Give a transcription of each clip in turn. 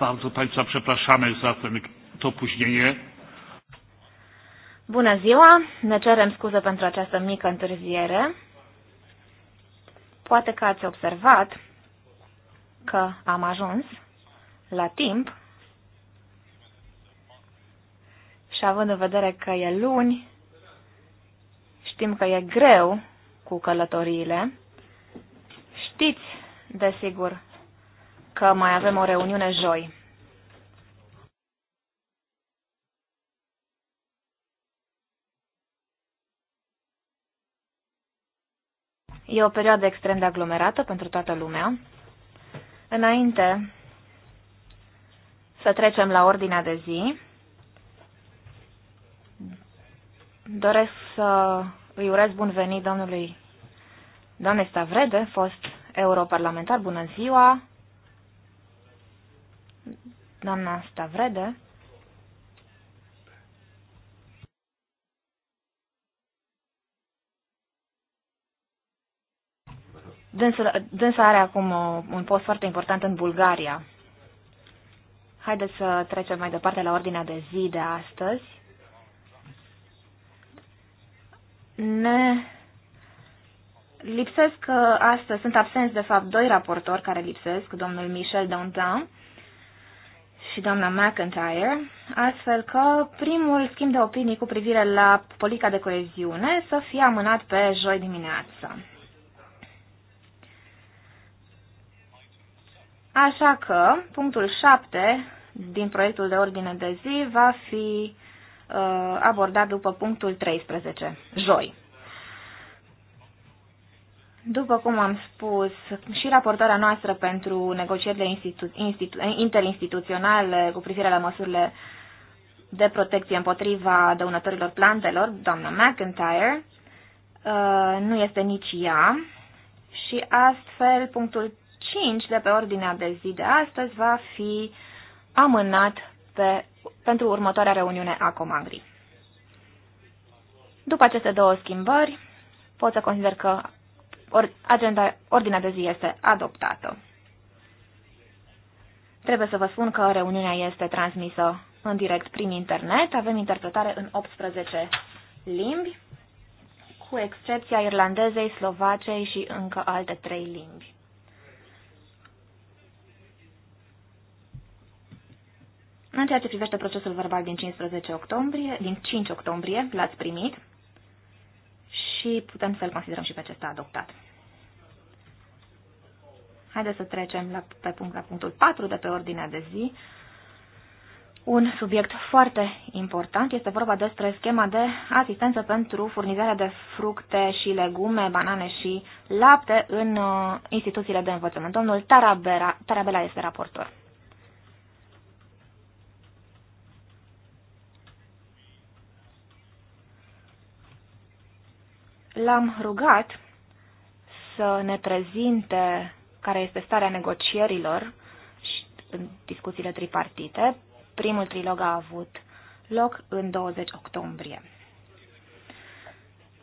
Bardzo Państwa przepraszamy za ten, to opóźnienie. Bună ziua! Ne cerem scuze pentru această mică întârziere. Poate că ați observat că am ajuns la timp și având în vedere că e luni, știm că e greu cu călătoriile. Știți, desigur, că mai avem o reuniune joi. E o perioadă extrem de aglomerată pentru toată lumea. Înainte să trecem la ordinea de zi, doresc să îi urez bun venit domnului Doamne Stavrede, fost europarlamentar, bună ziua! doamna Stavrede. Dânsul, dânsa are acum o, un post foarte important în Bulgaria. Haideți să trecem mai departe la ordinea de zi de astăzi. Ne lipsesc astăzi, sunt absenți de fapt doi raportori care lipsesc, domnul Michel Dantin și doamna McIntyre, astfel că primul schimb de opinii cu privire la politica de coeziune să fie amânat pe joi dimineață. Așa că punctul 7 din proiectul de ordine de zi va fi uh, abordat după punctul 13, joi. După cum am spus, și raportarea noastră pentru negocierile institu- institu- interinstituționale cu privire la măsurile de protecție împotriva dăunătorilor plantelor, doamna McIntyre, uh, nu este nici ea și astfel punctul 5 de pe ordinea de zi de astăzi va fi amânat pe, pentru următoarea reuniune a Comagri. După aceste două schimbări, pot să consider că Or, agenda, ordinea de zi este adoptată. Trebuie să vă spun că reuniunea este transmisă în direct prin internet. Avem interpretare în 18 limbi, cu excepția irlandezei, slovacei și încă alte trei limbi. În ceea ce privește procesul verbal din 15 octombrie, din 5 octombrie, l-ați primit și putem să-l considerăm și pe acesta adoptat. Haideți să trecem la, pe punct, la punctul 4 de pe ordinea de zi. Un subiect foarte important este vorba despre schema de asistență pentru furnizarea de fructe și legume, banane și lapte în uh, instituțiile de învățământ. Domnul Tarabela, Tarabela este raportor. l-am rugat să ne prezinte care este starea negocierilor și în discuțiile tripartite. Primul trilog a avut loc în 20 octombrie.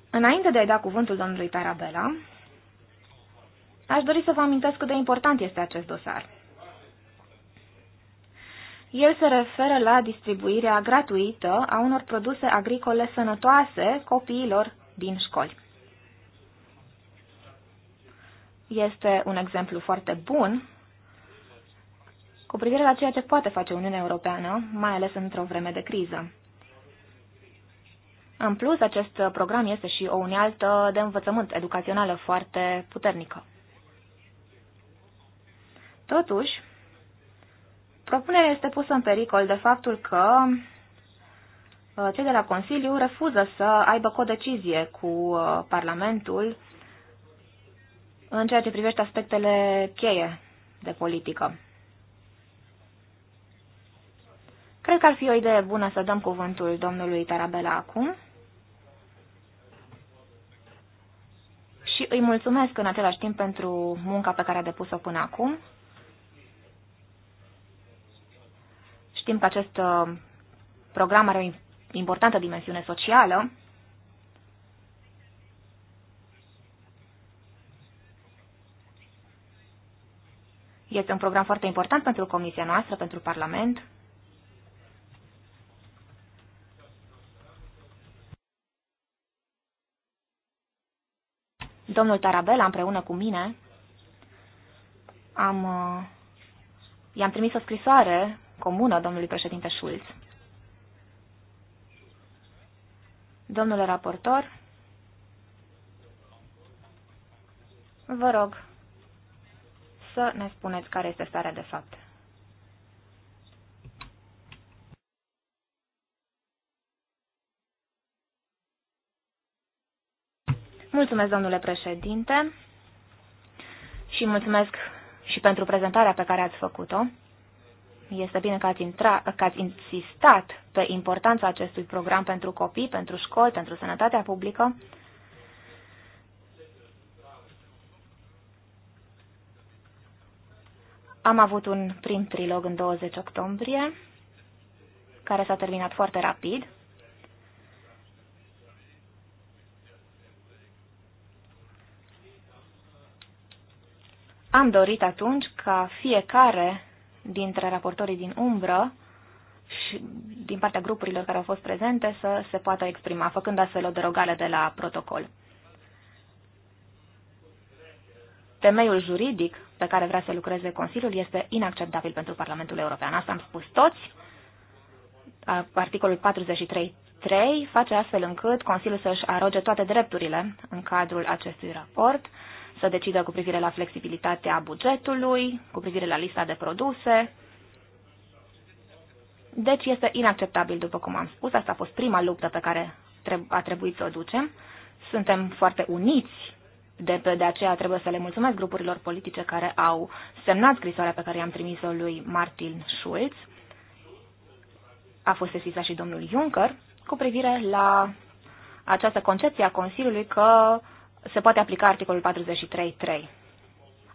Înainte de a-i da cuvântul domnului Tarabela, aș dori să vă amintesc cât de important este acest dosar. El se referă la distribuirea gratuită a unor produse agricole sănătoase copiilor din școli este un exemplu foarte bun cu privire la ceea ce poate face Uniunea Europeană, mai ales într-o vreme de criză. În plus, acest program este și o unealtă de învățământ educațională foarte puternică. Totuși, propunerea este pusă în pericol de faptul că uh, cei de la Consiliu refuză să aibă codecizie cu uh, Parlamentul în ceea ce privește aspectele cheie de politică. Cred că ar fi o idee bună să dăm cuvântul domnului Tarabela acum. Și îi mulțumesc în același timp pentru munca pe care a depus-o până acum. Știm că acest uh, program are o importantă dimensiune socială Este un program foarte important pentru comisia noastră, pentru Parlament. Domnul Tarabela, împreună cu mine, am, uh, i-am trimis o scrisoare comună domnului președinte Schulz. Domnule raportor, vă rog să ne spuneți care este starea de fapt. Mulțumesc, domnule președinte, și mulțumesc și pentru prezentarea pe care ați făcut-o. Este bine că ați, intra, că ați insistat pe importanța acestui program pentru copii, pentru școli, pentru sănătatea publică. Am avut un prim trilog în 20 octombrie, care s-a terminat foarte rapid. Am dorit atunci ca fiecare dintre raportorii din umbră și din partea grupurilor care au fost prezente să se poată exprima, făcând astfel o derogare de la protocol. temeiul juridic pe care vrea să lucreze Consiliul este inacceptabil pentru Parlamentul European. Asta am spus toți. Articolul 43.3 face astfel încât Consiliul să-și aroge toate drepturile în cadrul acestui raport, să decidă cu privire la flexibilitatea bugetului, cu privire la lista de produse. Deci este inacceptabil, după cum am spus. Asta a fost prima luptă pe care a trebuit să o ducem. Suntem foarte uniți de, de aceea trebuie să le mulțumesc grupurilor politice care au semnat scrisoarea pe care i-am trimis-o lui Martin Schulz. A fost sesizat și domnul Juncker cu privire la această concepție a Consiliului că se poate aplica articolul 43.3.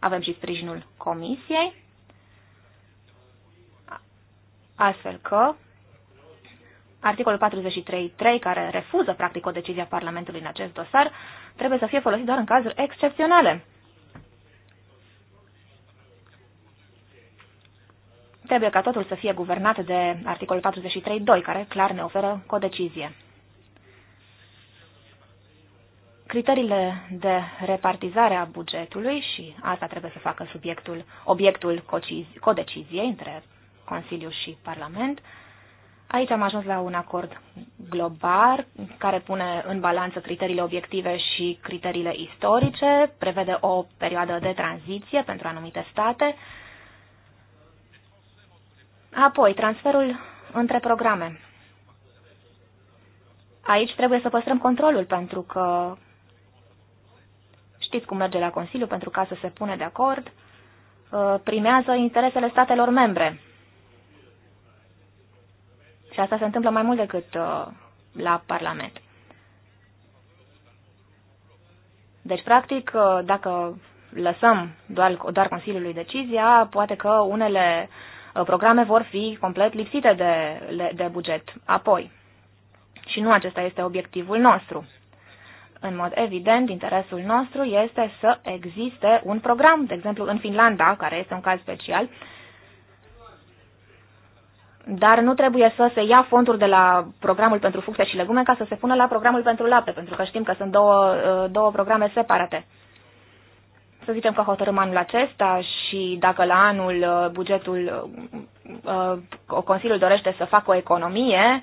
Avem și sprijinul Comisiei, astfel că articolul 43.3, care refuză practic o decizie a Parlamentului în acest dosar, trebuie să fie folosit doar în cazuri excepționale. Trebuie ca totul să fie guvernat de articolul 43.2, care clar ne oferă codecizie. Criteriile de repartizare a bugetului, și asta trebuie să facă subiectul, obiectul codeciziei între Consiliu și Parlament, uh, Aici am ajuns la un acord global care pune în balanță criteriile obiective și criteriile istorice, prevede o perioadă de tranziție pentru anumite state. Apoi, transferul între programe. Aici trebuie să păstrăm controlul pentru că știți cum merge la Consiliu pentru ca să se pune de acord, uh, primează interesele statelor membre și asta se întâmplă mai mult decât uh, la Parlament. Deci, practic, uh, dacă lăsăm doar, doar Consiliului decizia, poate că unele uh, programe vor fi complet lipsite de, de buget apoi. Și nu acesta este obiectivul nostru. În mod evident, interesul nostru este să existe un program, de exemplu în Finlanda, care este un caz special, uh, dar nu trebuie să se ia fonduri de la programul pentru fructe și legume ca să se pună la programul pentru lapte, pentru că știm că sunt două, uh, două programe separate. Să zicem că hotărâm anul acesta și dacă la anul uh, bugetul, uh, Consiliul dorește să facă o economie,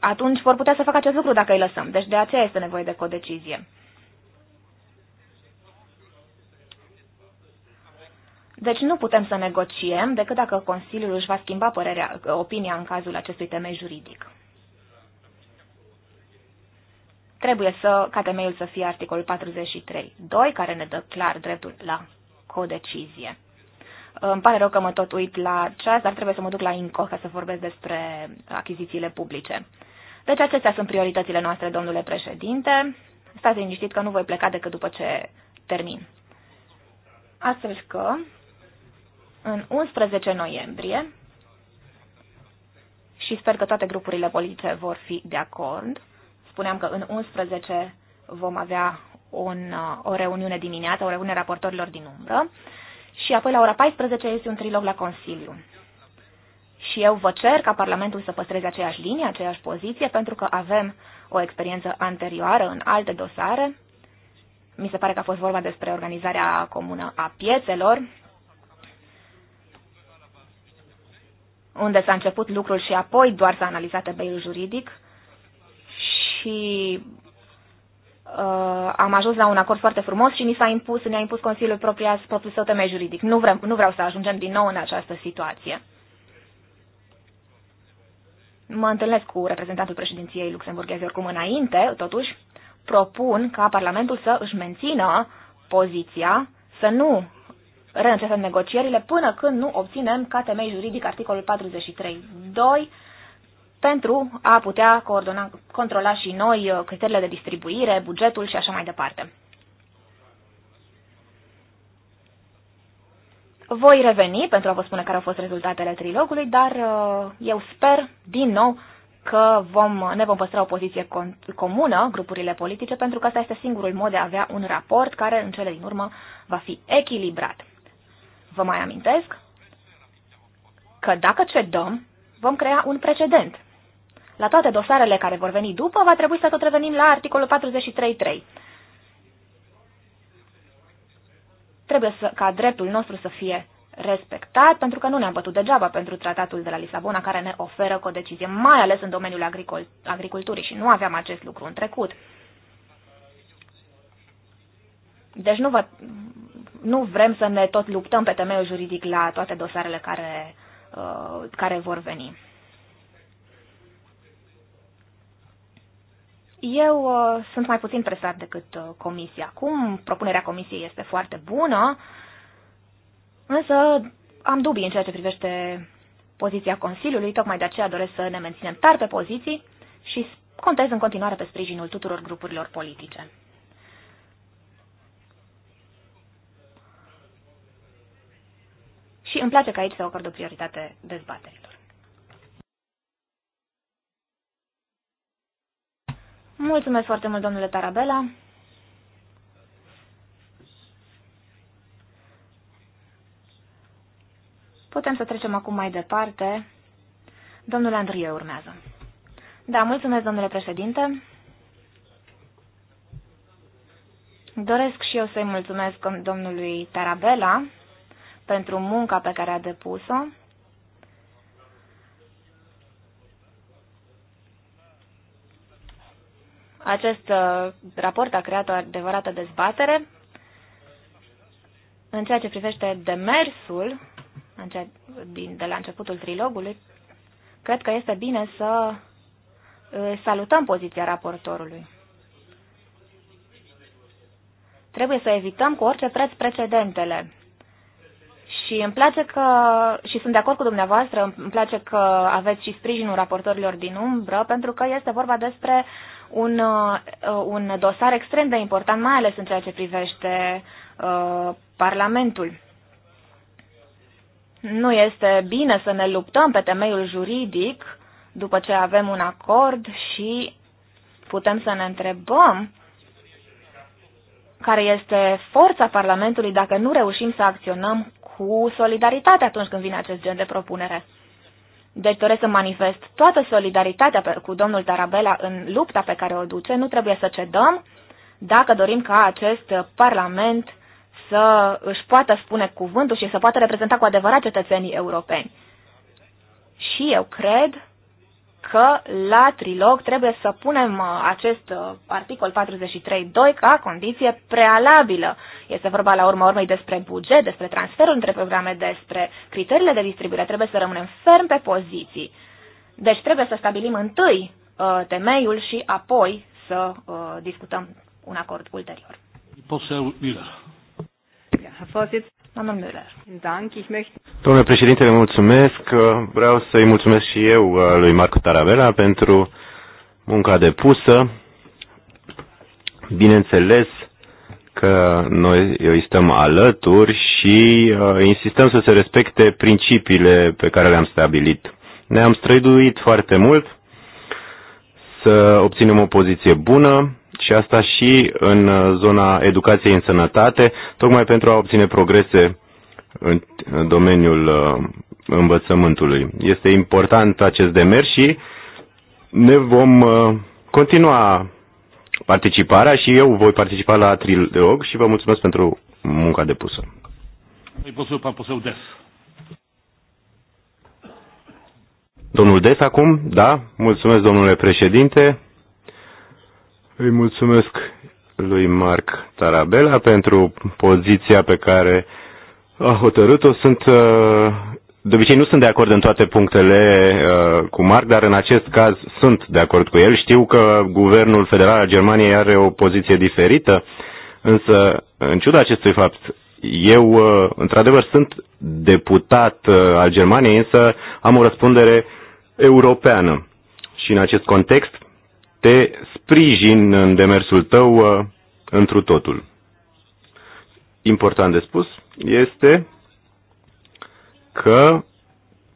atunci vor putea să facă acest lucru dacă îi lăsăm. Deci de aceea este nevoie de codecizie. Deci nu putem să negociem decât dacă Consiliul își va schimba părerea, opinia în cazul acestui temei juridic. Trebuie să, ca temeiul să fie articolul 43.2, care ne dă clar dreptul la codecizie. Îmi pare rău că mă tot uit la ceas, dar trebuie să mă duc la INCO ca să vorbesc despre achizițiile publice. Deci acestea sunt prioritățile noastre, domnule președinte. Stați liniștit că nu voi pleca decât după ce termin. Astfel că în 11 noiembrie și sper că toate grupurile politice vor fi de acord. Spuneam că în 11 vom avea un, uh, o reuniune dimineață, o reuniune raportorilor din umbră și apoi la ora 14 este un trilog la Consiliu. Și eu vă cer ca Parlamentul să păstreze aceeași linie, aceeași poziție, pentru că avem o experiență anterioară în alte dosare. Mi se pare că a fost vorba despre organizarea comună a piețelor, unde s-a început lucrul și apoi doar s-a analizat ebay juridic și uh, am ajuns la un acord foarte frumos și ni s-a impus, ne-a impus Consiliul propria, propriul său temei juridic. Nu, vrem, nu vreau să ajungem din nou în această situație. Mă întâlnesc cu reprezentantul președinției luxemburgheze oricum înainte, totuși propun ca Parlamentul să își mențină poziția, să nu reîncepem negocierile până când nu obținem ca temei juridic articolul 43.2 pentru a putea coordona, controla și noi uh, criteriile de distribuire, bugetul și așa mai departe. Voi reveni pentru a vă spune care au fost rezultatele trilogului, dar uh, eu sper din nou că vom, ne vom păstra o poziție comună, grupurile politice, pentru că asta este singurul mod de a avea un raport care în cele din urmă va fi echilibrat. Vă mai amintesc că dacă cedăm, vom crea un precedent. La toate dosarele care vor veni după, va trebui să tot revenim la articolul 43.3. Trebuie să, ca dreptul nostru să fie respectat, pentru că nu ne-am bătut degeaba pentru tratatul de la Lisabona, care ne oferă o decizie, mai ales în domeniul agricol, agriculturii, și nu aveam acest lucru în trecut. Deci nu, vă, nu vrem să ne tot luptăm pe temeiul juridic la toate dosarele care, uh, care vor veni. Eu uh, sunt mai puțin presat decât uh, comisia. Acum propunerea comisiei este foarte bună, însă am dubii în ceea ce privește poziția Consiliului, tocmai de aceea doresc să ne menținem tari pe poziții și contez în continuare pe sprijinul tuturor grupurilor politice. și îmi place că aici se acordă prioritate dezbaterilor. Mulțumesc foarte mult, domnule Tarabela. Putem să trecem acum mai departe. Domnul Andrie urmează. Da, mulțumesc, domnule președinte. Doresc și eu să-i mulțumesc domnului Tarabela pentru munca pe care a depus-o. Acest uh, raport a creat o adevărată dezbatere în ceea ce privește demersul din, de la începutul trilogului. Cred că este bine să uh, salutăm poziția raportorului. Trebuie să evităm cu orice preț precedentele și îmi place că, și sunt de acord cu dumneavoastră, îmi place că aveți și sprijinul raportorilor din umbră, pentru că este vorba despre un, uh, un dosar extrem de important, mai ales în ceea ce privește uh, Parlamentul. Nu este bine să ne luptăm pe temeiul juridic după ce avem un acord și putem să ne întrebăm care este forța Parlamentului dacă nu reușim să acționăm cu solidaritate atunci când vine acest gen de propunere. Deci doresc să manifest toată solidaritatea cu domnul Tarabella în lupta pe care o duce. Nu trebuie să cedăm dacă dorim ca acest Parlament să își poată spune cuvântul și să poată reprezenta cu adevărat cetățenii europeni. Și eu cred că la trilog trebuie să punem uh, acest uh, articol 43.2 ca condiție prealabilă. Este vorba la urma urmei despre buget, despre transferul între programe, despre criteriile de distribuire. Trebuie să rămânem ferm pe poziții. Deci trebuie să stabilim întâi uh, temeiul și apoi să discutăm un acord ulterior. Doamna Müller. Domnule președinte, mulțumesc. Vreau să-i mulțumesc și eu uh, lui Marco Tarabella pentru munca depusă. Bineînțeles că noi îi stăm alături și uh, insistăm să se respecte principiile pe care le-am stabilit. Ne-am străduit foarte mult să obținem o poziție bună și asta și în uh, zona educației în sănătate, tocmai pentru a obține progrese în domeniul uh, învățământului. Este important acest demers și ne vom uh, continua participarea și eu voi participa la Trilog și vă mulțumesc pentru munca depusă. Domnul Des acum, da, mulțumesc domnule președinte. Îi mulțumesc lui Marc Tarabella pentru poziția pe care a hotărât-o. Sunt, uh, de obicei nu sunt de acord în toate punctele uh, cu Marc, dar în acest caz sunt de acord cu el. Știu că guvernul federal al Germaniei are o poziție diferită, însă, în ciuda acestui fapt, eu, uh, într-adevăr, sunt deputat al Germaniei, însă am o răspundere europeană. Și în acest context, te sprijin în demersul tău uh, întru totul. Important de spus este că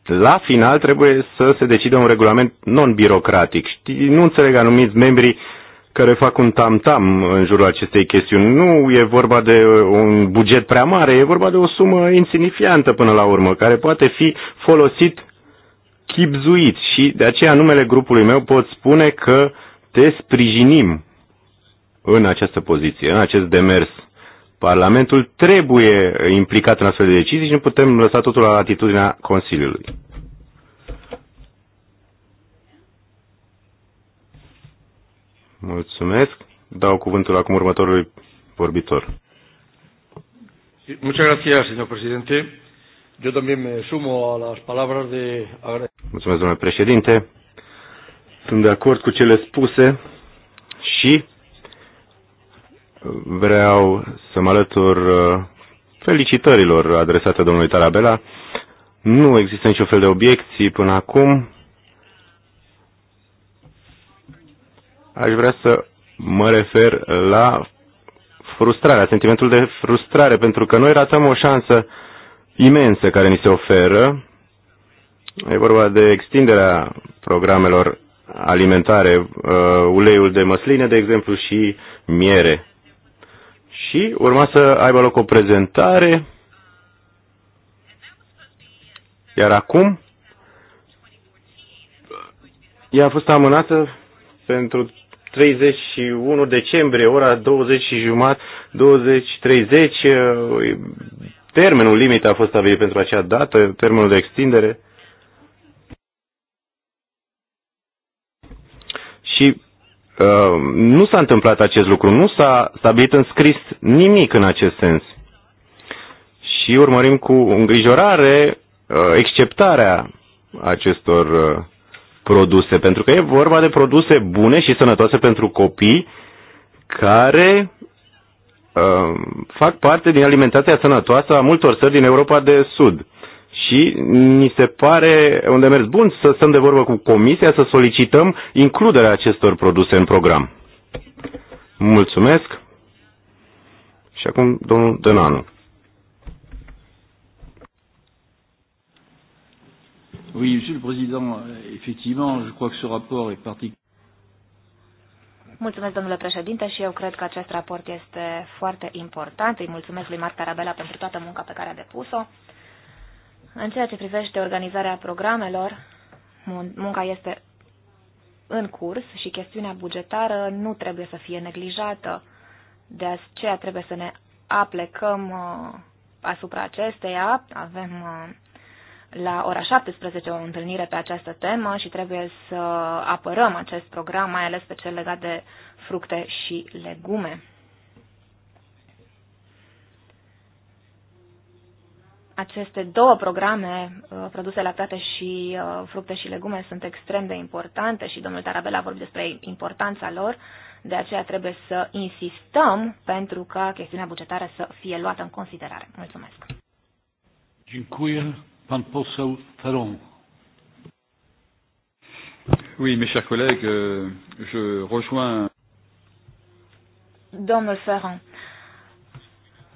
la final trebuie să se decide un regulament non-birocratic. Știi, nu înțeleg anumiți membrii care fac un tam -tam în jurul acestei chestiuni. Nu e vorba de un buget prea mare, e vorba de o sumă insignifiantă până la urmă, care poate fi folosit chipzuit și de aceea numele grupului meu pot spune că uh, te sprijinim în această poziție, în acest demers. Parlamentul trebuie implicat în astfel de decizii și nu putem lăsa totul la atitudinea Consiliului. Mulțumesc. Dau cuvântul acum următorului vorbitor. Muchas gracias, señor presidente. Yo también me sumo a las palabras de Mulțumesc, domnule președinte. Sunt de acord cu cele spuse și vreau să mă alătur uh, felicitărilor adresate domnului Tarabela. Nu există niciun fel de obiecții până acum. Aș vrea să mă refer la frustrarea, sentimentul de frustrare, pentru că noi ratăm o șansă imensă care ni se oferă. E vorba de extinderea programelor alimentare, uh, uleiul de măsline, de exemplu, și miere. Și urma să aibă loc o prezentare, iar acum ea a fost amânată pentru 31 decembrie, ora 20 și jumătate, 20-30, uh, termenul limit a fost stabilit pentru acea dată, termenul de extindere. Și uh, nu s-a întâmplat acest lucru, nu s-a stabilit în scris nimic în acest sens. Și urmărim cu îngrijorare uh, exceptarea acestor uh, produse, pentru că e vorba de produse bune și sănătoase pentru copii care uh, fac parte din alimentația sănătoasă a multor țări din Europa de Sud și mi se pare un demers bun să stăm de vorbă cu Comisia, să solicităm includerea acestor produse în program. Mulțumesc. Și acum domnul Dănanu. Oui, Monsieur le Président, effectivement, je crois que ce rapport est particulier. Mulțumesc, domnule președinte, și eu cred că acest raport este foarte important. Îi mulțumesc lui Marc Tarabella pentru toată munca pe care a depus-o. În ceea ce privește organizarea programelor, munca este în curs și chestiunea bugetară nu trebuie să fie neglijată. De aceea trebuie să ne aplecăm uh, asupra acesteia. Avem uh, la ora 17 o întâlnire pe această temă și trebuie să apărăm acest program, mai ales pe cel legat de fructe și legume. aceste două programe, uh, produse lactate și uh, fructe și legume, sunt extrem de importante și domnul Tarabella a vorbit despre importanța lor, de aceea trebuie să insistăm pentru ca chestiunea bugetară să fie luată în considerare. Mulțumesc. Dziękuję. Pan poseł Taron. Oui, mes chers collègues, euh, je rejoins. Domnul Ferron,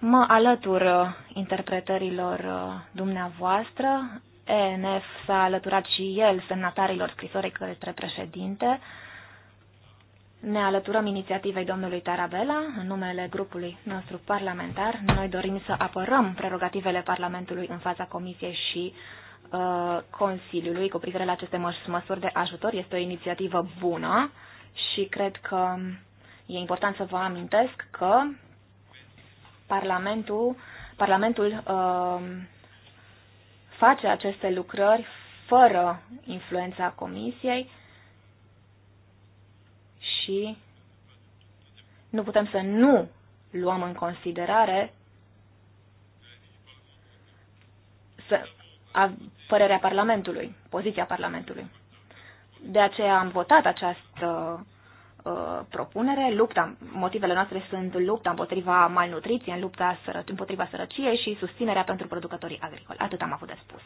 Mă alătur uh, interpretărilor uh, dumneavoastră. ENF s-a alăturat și el semnatarilor scrisorii către președinte. Ne alăturăm inițiativei domnului Tarabella în numele grupului nostru parlamentar. Noi dorim să apărăm prerogativele Parlamentului în fața Comisiei și uh, Consiliului cu privire la aceste măs- măsuri de ajutor. Este o inițiativă bună și cred că um, e important să vă amintesc că Parlamentul, Parlamentul uh, face aceste lucrări fără influența Comisiei și nu putem să nu luăm în considerare să, a, părerea Parlamentului, poziția Parlamentului. De aceea am votat această Uh, propunere. Lupta, motivele noastre sunt lupta împotriva malnutriției, lupta sără, împotriva sărăciei și susținerea pentru producătorii agricoli. Atât am avut de spus.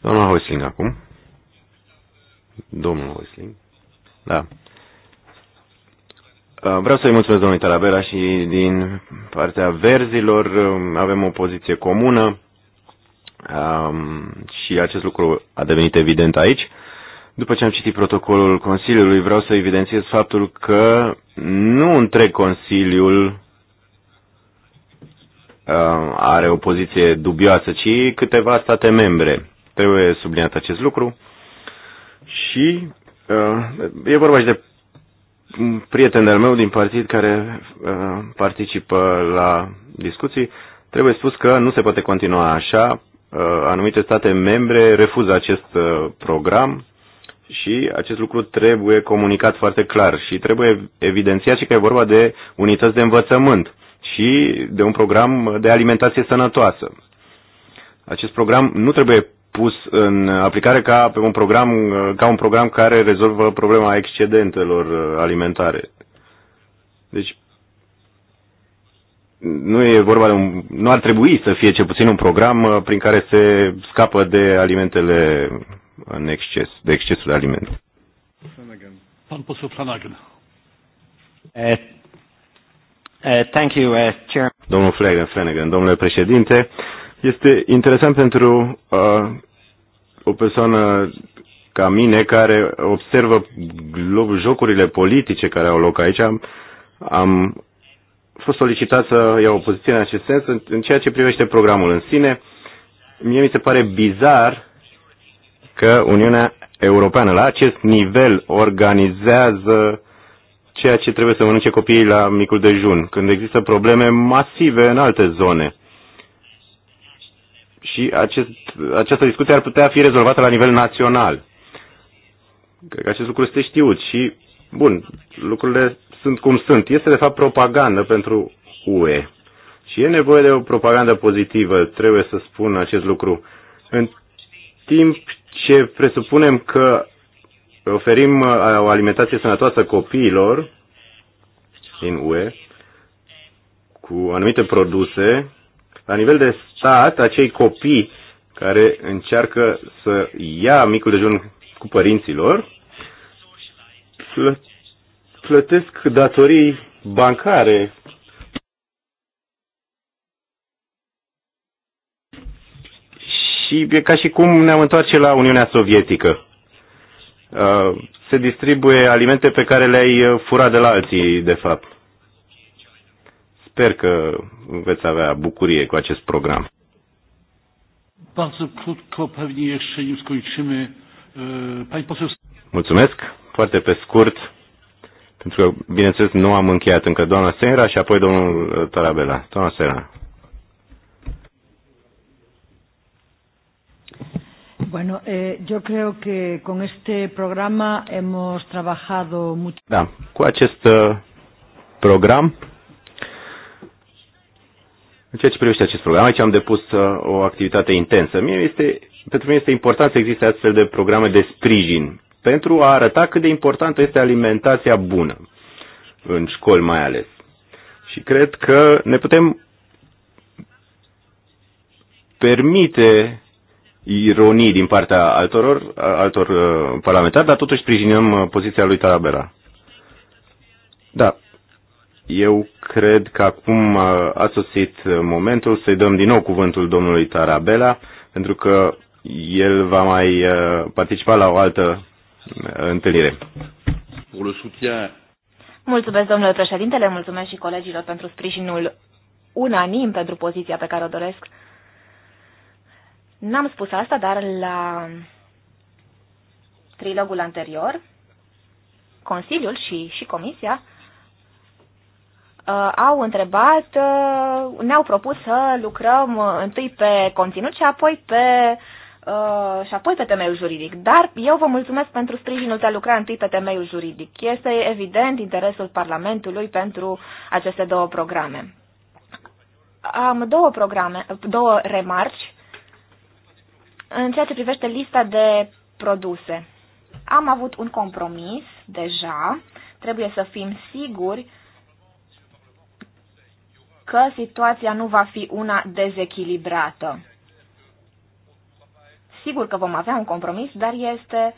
Doamna Hoisling, acum. Domnul Hoisling. Da. Uh, vreau să-i mulțumesc domnului Tarabela și din partea verzilor um, avem o poziție comună. Um, și acest lucru a devenit evident aici. După ce am citit protocolul Consiliului, vreau să evidențiez faptul că nu întreg Consiliul uh, are o poziție dubioasă, ci câteva state membre. Trebuie subliniat acest lucru. Și uh, e vorba și de un prieten al meu din partid care uh, participă la discuții. Trebuie spus că nu se poate continua așa. Uh, anumite state membre refuză acest uh, program și acest lucru trebuie comunicat foarte clar și trebuie evidențiat și că e vorba de unități de învățământ și de un program de alimentație sănătoasă. Acest program nu trebuie pus în aplicare ca pe un program, uh, ca un program care rezolvă problema excedentelor alimentare. Deci nu e vorba de un, nu ar trebui să fie cel puțin un program uh, prin care se scapă de alimentele în exces, de excesul de alimente. Uh, uh, thank you, Chair. Domnul Flanagan, Flanagan, domnule președinte, este interesant pentru uh, o persoană ca mine care observă jocurile politice care au loc aici. Am, am fost solicitat să iau o poziție în acest sens. În, în ceea ce privește programul în sine, mie mi se pare bizar că Uniunea Europeană la acest nivel organizează ceea ce trebuie să mănânce copiii la micul dejun, când există probleme masive în alte zone. Și acest, această discuție ar putea fi rezolvată la nivel național. Cred că acest lucru este știut și Bun, lucrurile sunt cum sunt. Este de fapt propagandă pentru UE. Și e nevoie de o propagandă pozitivă, trebuie să spun acest lucru. În timp ce presupunem că oferim uh, o alimentație sănătoasă copiilor din UE cu anumite produse, la nivel de stat, acei copii care încearcă să ia micul dejun cu părinților, plătesc datorii bancare. Și e ca și cum ne-am întoarce la Uniunea Sovietică. Uh, se distribuie alimente pe care le-ai uh, furat de la alții, de fapt. Sper că veți avea bucurie cu acest program. Mulțumesc. Foarte pe scurt, pentru că, bineînțeles, nu am încheiat încă doamna Senra și apoi domnul uh, Tarabela. Doamna Senra. Bueno, eh, yo creo que con este programa hemos trabajado mucho. Da, cu acest uh, program, în ceea ce privește acest program, aici am depus uh, o activitate intensă. Mie este, pentru mine este important să existe astfel de programe de sprijin pentru a arăta cât de importantă este alimentația bună, în școli mai ales. Și cred că ne putem permite ironii din partea altor, altor uh, parlamentari, dar totuși sprijinim uh, poziția lui Tarabera. Da, eu cred că acum uh, a sosit momentul să-i dăm din nou cuvântul domnului Tarabela, pentru că el va mai participa la o altă întâlnire. Mulțumesc, domnule președinte, mulțumesc și colegilor pentru sprijinul unanim pentru poziția pe care o doresc. N-am spus asta, dar la trilogul anterior, Consiliul și, și Comisia uh, au întrebat, uh, ne-au propus să lucrăm uh, întâi pe conținut și apoi pe Uh, și apoi pe temeiul juridic. Dar eu vă mulțumesc pentru sprijinul de a lucra întâi pe temeiul juridic. Este evident interesul Parlamentului pentru aceste două programe. Am două, programe, două remarci în ceea ce privește lista de produse. Am avut un compromis deja, trebuie să fim siguri că situația nu va fi una dezechilibrată sigur că vom avea un compromis, dar este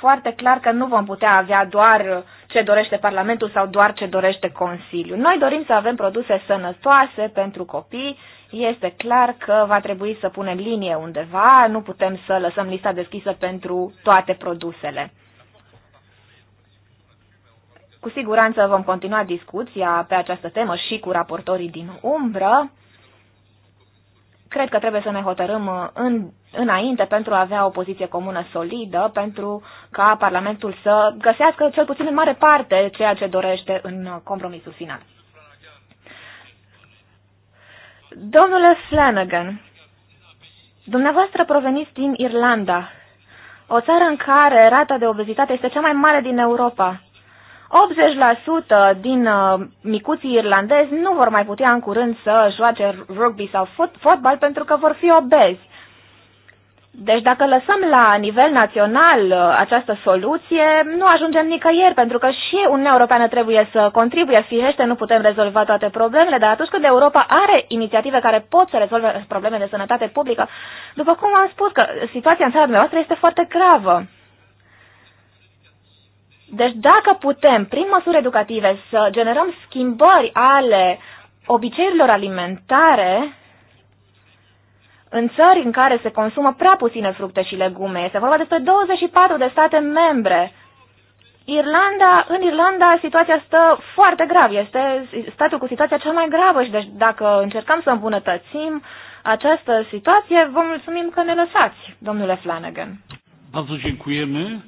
foarte clar că nu vom putea avea doar ce dorește Parlamentul sau doar ce dorește Consiliul. Noi dorim să avem produse sănătoase pentru copii. Este clar că va trebui să punem linie undeva, nu putem să lăsăm lista deschisă pentru toate produsele. Cu siguranță vom continua discuția pe această temă și cu raportorii din umbră cred că trebuie să ne hotărâm uh, în, înainte pentru a avea o poziție comună solidă, pentru ca Parlamentul să găsească cel puțin în mare parte ceea ce dorește în uh, compromisul final. Domnule Flanagan, dumneavoastră proveniți din Irlanda, o țară în care rata de obezitate este cea mai mare din Europa. 80% din uh, micuții irlandezi nu vor mai putea în curând să joace rugby sau fotbal pentru că vor fi obezi. Deci dacă lăsăm la nivel național uh, această soluție, nu ajungem nicăieri, pentru că și Uniunea Europeană trebuie să contribuie. Firește, nu putem rezolva toate problemele, dar atunci când Europa are inițiative care pot să rezolve probleme de sănătate publică, după cum am spus că situația în țara dumneavoastră este foarte gravă. Deci dacă putem, prin măsuri educative, să generăm schimbări ale obiceiurilor alimentare în țări în care se consumă prea puține fructe și legume, este vorba despre 24 de state membre. Irlanda, în Irlanda situația stă foarte grav, este statul cu situația cea mai gravă și deci dacă încercăm să îmbunătățim această situație, vă mulțumim că ne lăsați, domnule Flanagan. Bardzo dziękujemy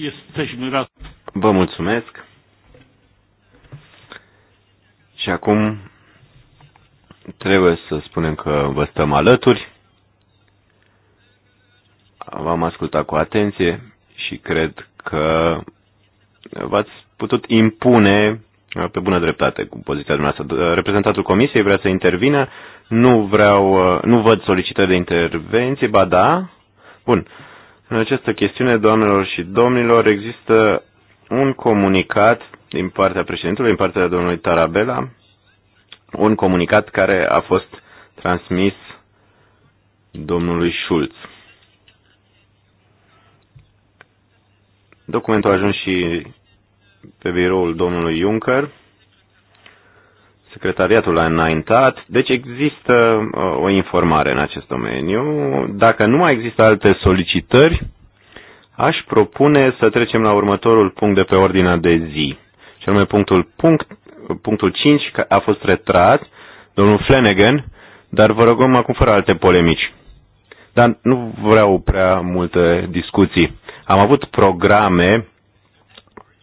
jesteśmy raz. Vă mulțumesc. Și acum trebuie să spunem că vă stăm alături. V-am ascultat cu atenție și cred că v-ați putut impune pe bună dreptate cu poziția dumneavoastră. Reprezentantul comisiei vrea să intervină. Nu vreau, nu văd solicitări de intervenție, ba da. Bun. În această chestiune, doamnelor și domnilor, există un comunicat din partea președintelui, din partea domnului Tarabela, un comunicat care a fost transmis domnului Schulz. Documentul a ajuns și pe biroul domnului Juncker secretariatul a înaintat, deci există uh, o informare în acest domeniu. Dacă nu mai există alte solicitări, aș propune să trecem la următorul punct de pe ordinea de zi. Și anume punctul, punct, punctul 5 a fost retras, domnul Flanagan, dar vă rogăm acum fără alte polemici. Dar nu vreau prea multe discuții. Am avut programe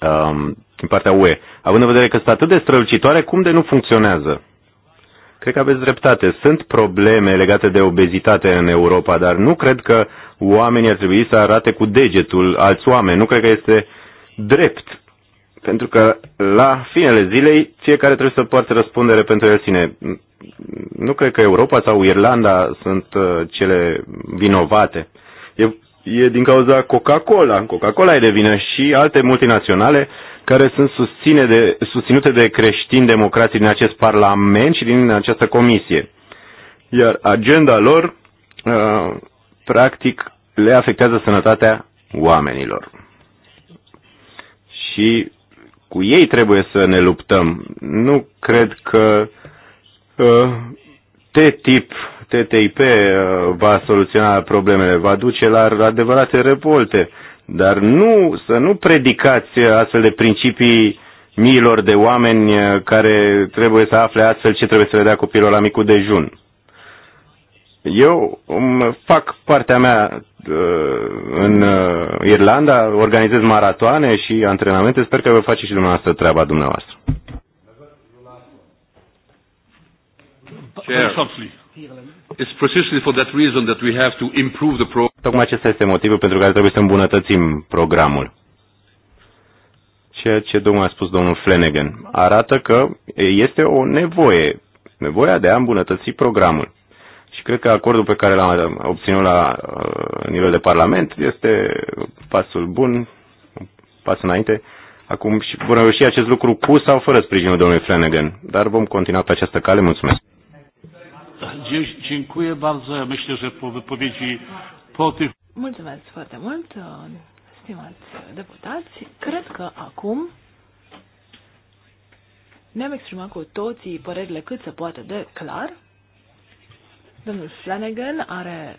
um, din partea UE, având în vedere că sunt atât de strălucitoare, cum de nu funcționează? Cred că aveți dreptate. Sunt probleme legate de obezitate în Europa, dar nu cred că oamenii ar trebui să arate cu degetul alți oameni. Nu cred că este drept. Pentru că la finele zilei, fiecare trebuie să poarte răspundere pentru el sine. Nu cred că Europa sau Irlanda sunt uh, cele vinovate. E, e din cauza Coca-Cola. Coca-Cola e de vină și alte multinaționale uh, care sunt susține de, susținute de creștini democrații din acest Parlament și din această comisie. Iar agenda lor, uh, practic, le afectează sănătatea oamenilor. Și cu ei trebuie să ne luptăm. Nu cred că uh, T-tip, TTIP uh, va soluționa problemele, va duce la adevărate revolte. Uh, dar nu, să nu predicați astfel de principii miilor de oameni uh, care trebuie să afle astfel ce trebuie să le dea copilul la micul dejun. Eu fac partea mea uh, în uh, Irlanda, organizez maratoane și antrenamente, sper că vă face și dumneavoastră treaba dumneavoastră. Chair. Tocmai acesta este motivul pentru care trebuie să îmbunătățim programul. Ceea ce domnul a spus domnul Flanagan arată că este o nevoie, nevoia de a îmbunătăți programul. Și cred că acordul pe care l-am obținut la uh, nivel de Parlament este pasul bun, pas înainte. Acum și vom reuși acest lucru cu sau fără sprijinul domnului Flanagan, dar vom continua pe această cale. Mulțumesc! Dziękuję bardzo. Ja myślę, że po wypowiedzi po tych... Mulțumesc foarte mult, uh, stimați deputați. Cred că acum ne-am exprimat cu toții părerile cât se poate de clar. Domnul Flanagan are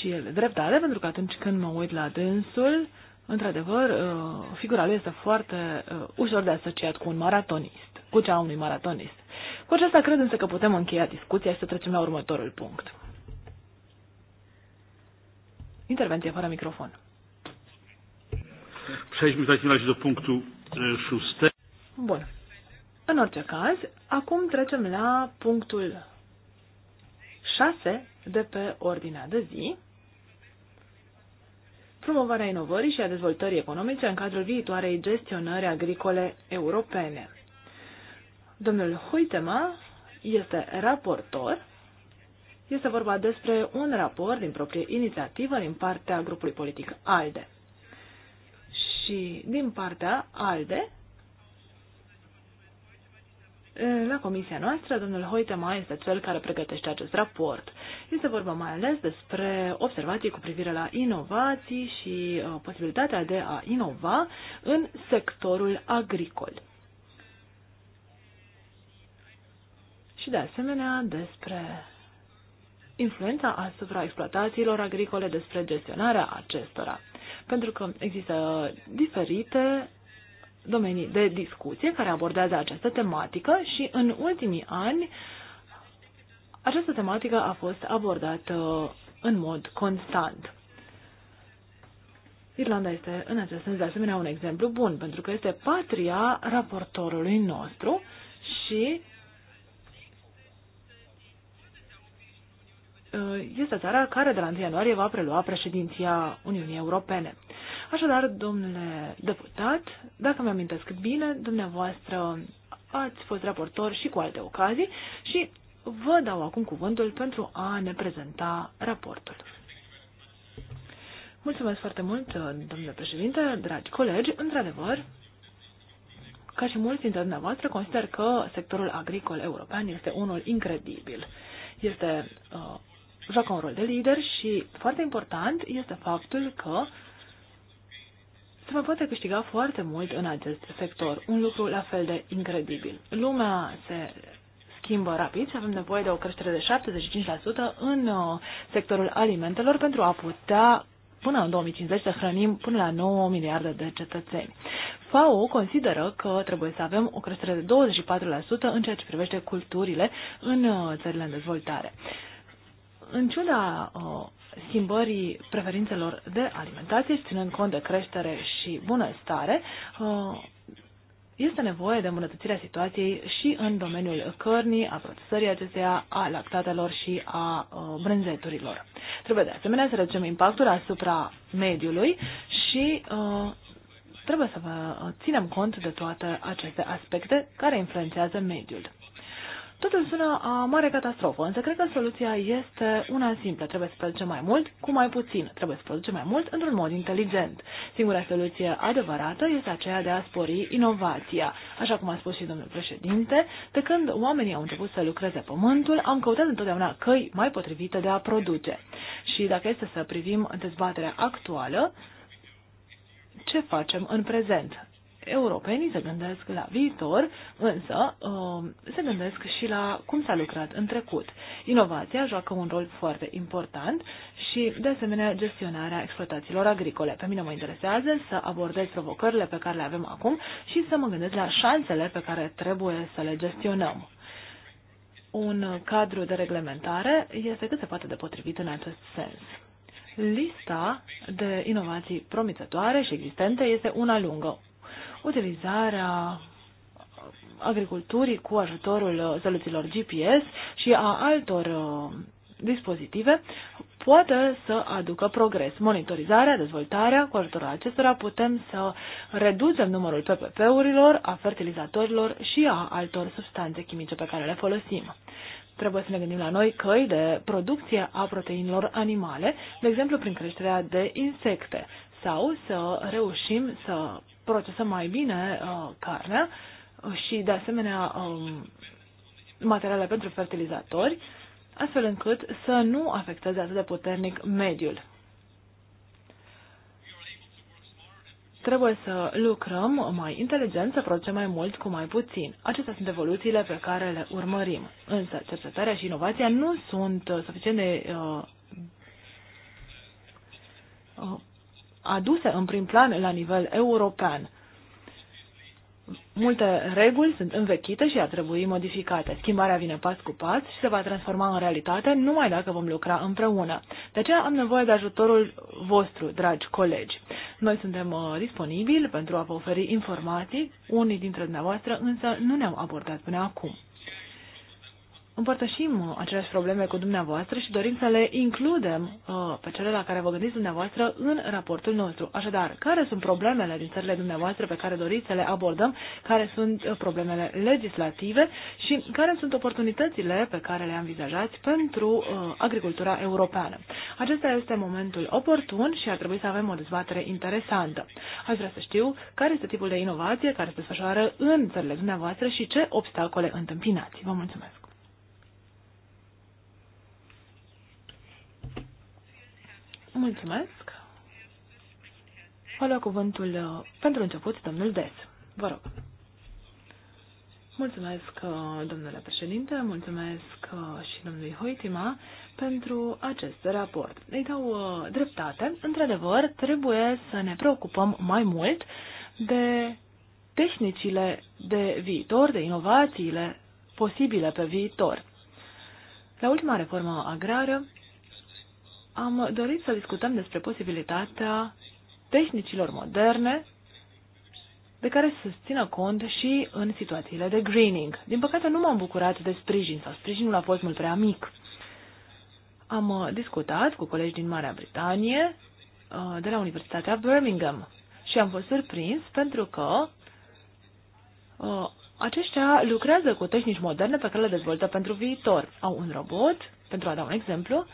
și el dreptate, pentru că atunci când mă uit la dânsul, într-adevăr, uh, figura lui este foarte uh, ușor de asociat cu un maratonist, cu cea unui maratonist. Cu aceasta cred însă că putem încheia discuția și să trecem la următorul punct. Intervenție fără microfon. Przejdźmy w takim razie Bun. În orice caz, acum trecem la punctul 6 de pe ordinea de zi. Promovarea inovării și a dezvoltării economice în cadrul viitoarei gestionări agricole europene. Domnul Huitema este raportor. Este vorba despre un raport din proprie inițiativă din partea grupului politic ALDE. Și din partea ALDE, la comisia noastră, domnul Hoitema este cel care pregătește acest raport. Este vorba mai ales despre observații cu privire la inovații și uh, posibilitatea de a inova în sectorul agricol. și de asemenea despre influența asupra exploatațiilor agricole, despre gestionarea acestora. Pentru că există diferite domenii de discuție care abordează această tematică și în ultimii ani această tematică a fost abordată în mod constant. Irlanda este în acest sens de asemenea un exemplu bun, pentru că este patria raportorului nostru și Uh, este țara care de la 1 ianuarie va prelua președinția Uniunii Europene. Așadar, domnule deputat, dacă mi-amintesc bine, dumneavoastră ați fost raportor și cu alte ocazii și vă dau acum cuvântul pentru a ne prezenta raportul. Mulțumesc foarte mult, domnule președinte, dragi colegi. Într-adevăr, ca și mulți dintre dumneavoastră, consider că sectorul agricol european este unul incredibil. Este uh, joacă un rol de lider și foarte important este faptul că se mai poate câștiga foarte mult în acest sector. Un lucru la fel de incredibil. Lumea se schimbă rapid și avem nevoie de o creștere de 75% în uh, sectorul alimentelor pentru a putea până în 2050 să hrănim până la 9 miliarde de cetățeni. FAO consideră că trebuie să avem o creștere de 24% în ceea ce privește culturile în uh, țările în dezvoltare în ciuda uh, schimbării preferințelor de alimentație, ținând cont de creștere și bunăstare, uh, este nevoie de îmbunătățirea situației și în domeniul cărnii, a procesării acesteia, a lactatelor și a uh, brânzeturilor. Trebuie de asemenea să reducem impactul asupra mediului și uh, trebuie să vă uh, ținem cont de toate aceste aspecte care influențează mediul. Totul sună a mare catastrofă, însă cred că soluția este una simplă. Trebuie să producem mai mult cu mai puțin. Trebuie să producem mai mult într-un mod inteligent. Singura soluție adevărată este aceea de a spori inovația. Așa cum a spus și domnul președinte, de când oamenii au început să lucreze pământul, am căutat întotdeauna căi mai potrivite de a produce. Și dacă este să privim dezbaterea actuală, ce facem în prezent? europenii se gândesc la viitor, însă um, se gândesc și la cum s-a lucrat în trecut. Inovația joacă un rol foarte important și, de asemenea, gestionarea exploatațiilor agricole. Pe mine mă interesează să abordez provocările pe care le avem acum și să mă gândesc la șansele pe care trebuie să le gestionăm. Un cadru de reglementare este cât se poate de potrivit în acest sens. Lista de inovații promițătoare și existente este una lungă utilizarea agriculturii cu ajutorul uh, soluțiilor GPS și a altor uh, dispozitive poate să aducă progres. Monitorizarea, dezvoltarea, cu ajutorul acestora putem să reducem numărul PPP-urilor, a fertilizatorilor și a altor substanțe chimice pe care le folosim. Trebuie să ne gândim la noi căi de producție a proteinilor animale, de exemplu prin creșterea de insecte, sau să reușim să procesăm mai bine uh, carnea și, de asemenea, um, materiale pentru fertilizatori, astfel încât să nu afecteze atât de puternic mediul. Trebuie să lucrăm mai inteligent, să producem mai mult cu mai puțin. Acestea sunt evoluțiile pe care le urmărim. Însă, cercetarea și inovația nu sunt uh, suficient de uh, uh aduse în prim plan la nivel european. Multe reguli sunt învechite și ar trebui modificate. Schimbarea vine pas cu pas și se va transforma în realitate numai dacă vom lucra împreună. De aceea am nevoie de ajutorul vostru, dragi colegi. Noi suntem uh, disponibili pentru a vă oferi informații, unii dintre dumneavoastră însă nu ne-au abordat până acum împărtășim uh, aceleași probleme cu dumneavoastră și dorim să le includem uh, pe cele la care vă gândiți dumneavoastră în raportul nostru. Așadar, care sunt problemele din țările dumneavoastră pe care doriți să le abordăm, care sunt uh, problemele legislative și care sunt oportunitățile pe care le învizajați pentru agricultura europeană. Acesta este momentul oportun și ar trebui să avem o dezbatere interesantă. Aș vrea să știu care este tipul de inovație care se desfășoară în țările dumneavoastră și ce obstacole întâmpinați. Vă mulțumesc! Mulțumesc. Vă lua cuvântul uh, pentru început, domnul Des. Vă rog. Mulțumesc, uh, domnule președinte, mulțumesc uh, și domnului Hoitima pentru acest raport. Îi dau dreptate. Într-adevăr, trebuie să ne preocupăm mai mult de tehnicile de viitor, de inovațiile posibile pe viitor. La ultima reformă agrară am dorit să discutăm despre posibilitatea tehnicilor moderne de care să țină cont și în situațiile de greening. Din păcate nu m-am bucurat de sprijin sau sprijinul a fost mult prea mic. Am uh, discutat cu colegi din Marea Britanie uh, de la Universitatea Birmingham și am fost surprins pentru că uh, aceștia lucrează cu tehnici moderne pe care le dezvoltă pentru viitor. Au un robot, pentru a da un exemplu,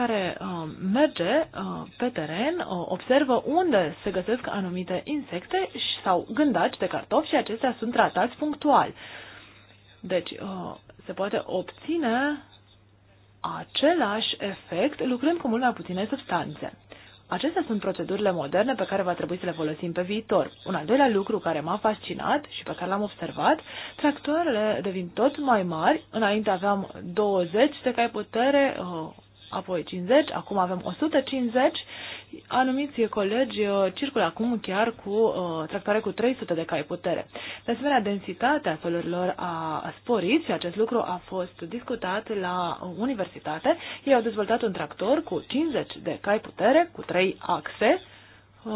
care uh, merge uh, pe teren, uh, observă unde se găsesc anumite insecte sau gândaci de cartofi și acestea sunt tratați punctual. Deci se poate obține același efect lucrând cu mult mai puține substanțe. Acestea sunt procedurile moderne pe care va trebui să le folosim pe viitor. Un al doilea lucru care m-a fascinat și pe care l-am observat, tractoarele devin tot mai mari. Înainte aveam 20 de cai putere, apoi 50, acum avem 150. Anumiți colegi uh, circulă acum chiar cu uh, tractoare cu 300 de cai putere. De asemenea, densitatea solurilor a sporit și acest lucru a fost discutat la universitate. Ei au dezvoltat un tractor cu 50 de cai putere, cu 3 axe, uh,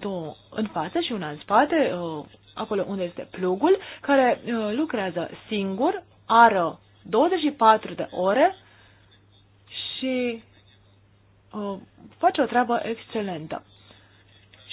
două în față și una în spate, uh, acolo unde este plugul, care uh, lucrează singur, ară 24 de ore și uh, face o treabă excelentă.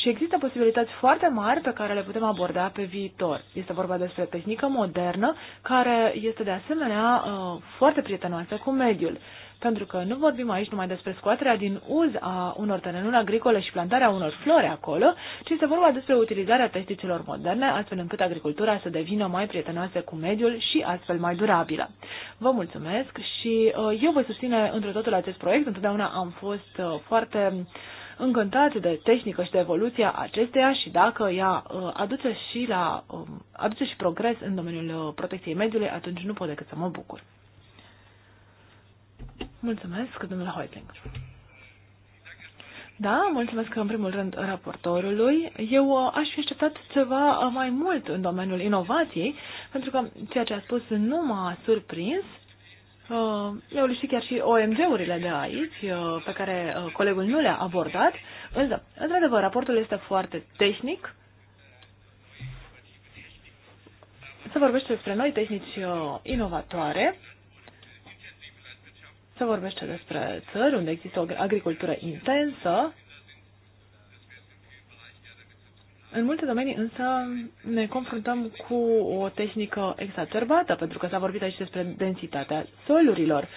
Și există posibilități foarte mari pe care le putem aborda pe viitor. Este vorba despre tehnică modernă, care este de asemenea uh, foarte prietenoasă cu mediul pentru că nu vorbim aici numai despre scoaterea din uz a unor terenuri agricole și plantarea unor flori acolo, ci este vorba despre utilizarea pesticidelor moderne, astfel încât agricultura să devină mai prietenoasă cu mediul și astfel mai durabilă. Vă mulțumesc și uh, eu voi susține într totul acest proiect. Întotdeauna am fost uh, foarte încântat de tehnică și de evoluția acesteia și dacă ea uh, aduce și, la, um, aduce și progres în domeniul protecției mediului, atunci nu pot decât să mă bucur. Mulțumesc, domnule Hoitling. Da, mulțumesc în primul rând raportorului. Eu uh, aș fi așteptat ceva uh, mai mult în domeniul inovației, pentru că ceea ce a spus nu m-a surprins. Eu le știu chiar și OMG-urile de aici, uh, pe care colegul nu le-a abordat, însă, într-adevăr, raportul este foarte tehnic. Se vorbește despre noi tehnici inovatoare se vorbește despre țări unde există o agricultură intensă. În multe domenii însă ne confruntăm cu o tehnică exacerbată, pentru că s-a vorbit aici despre densitatea solurilor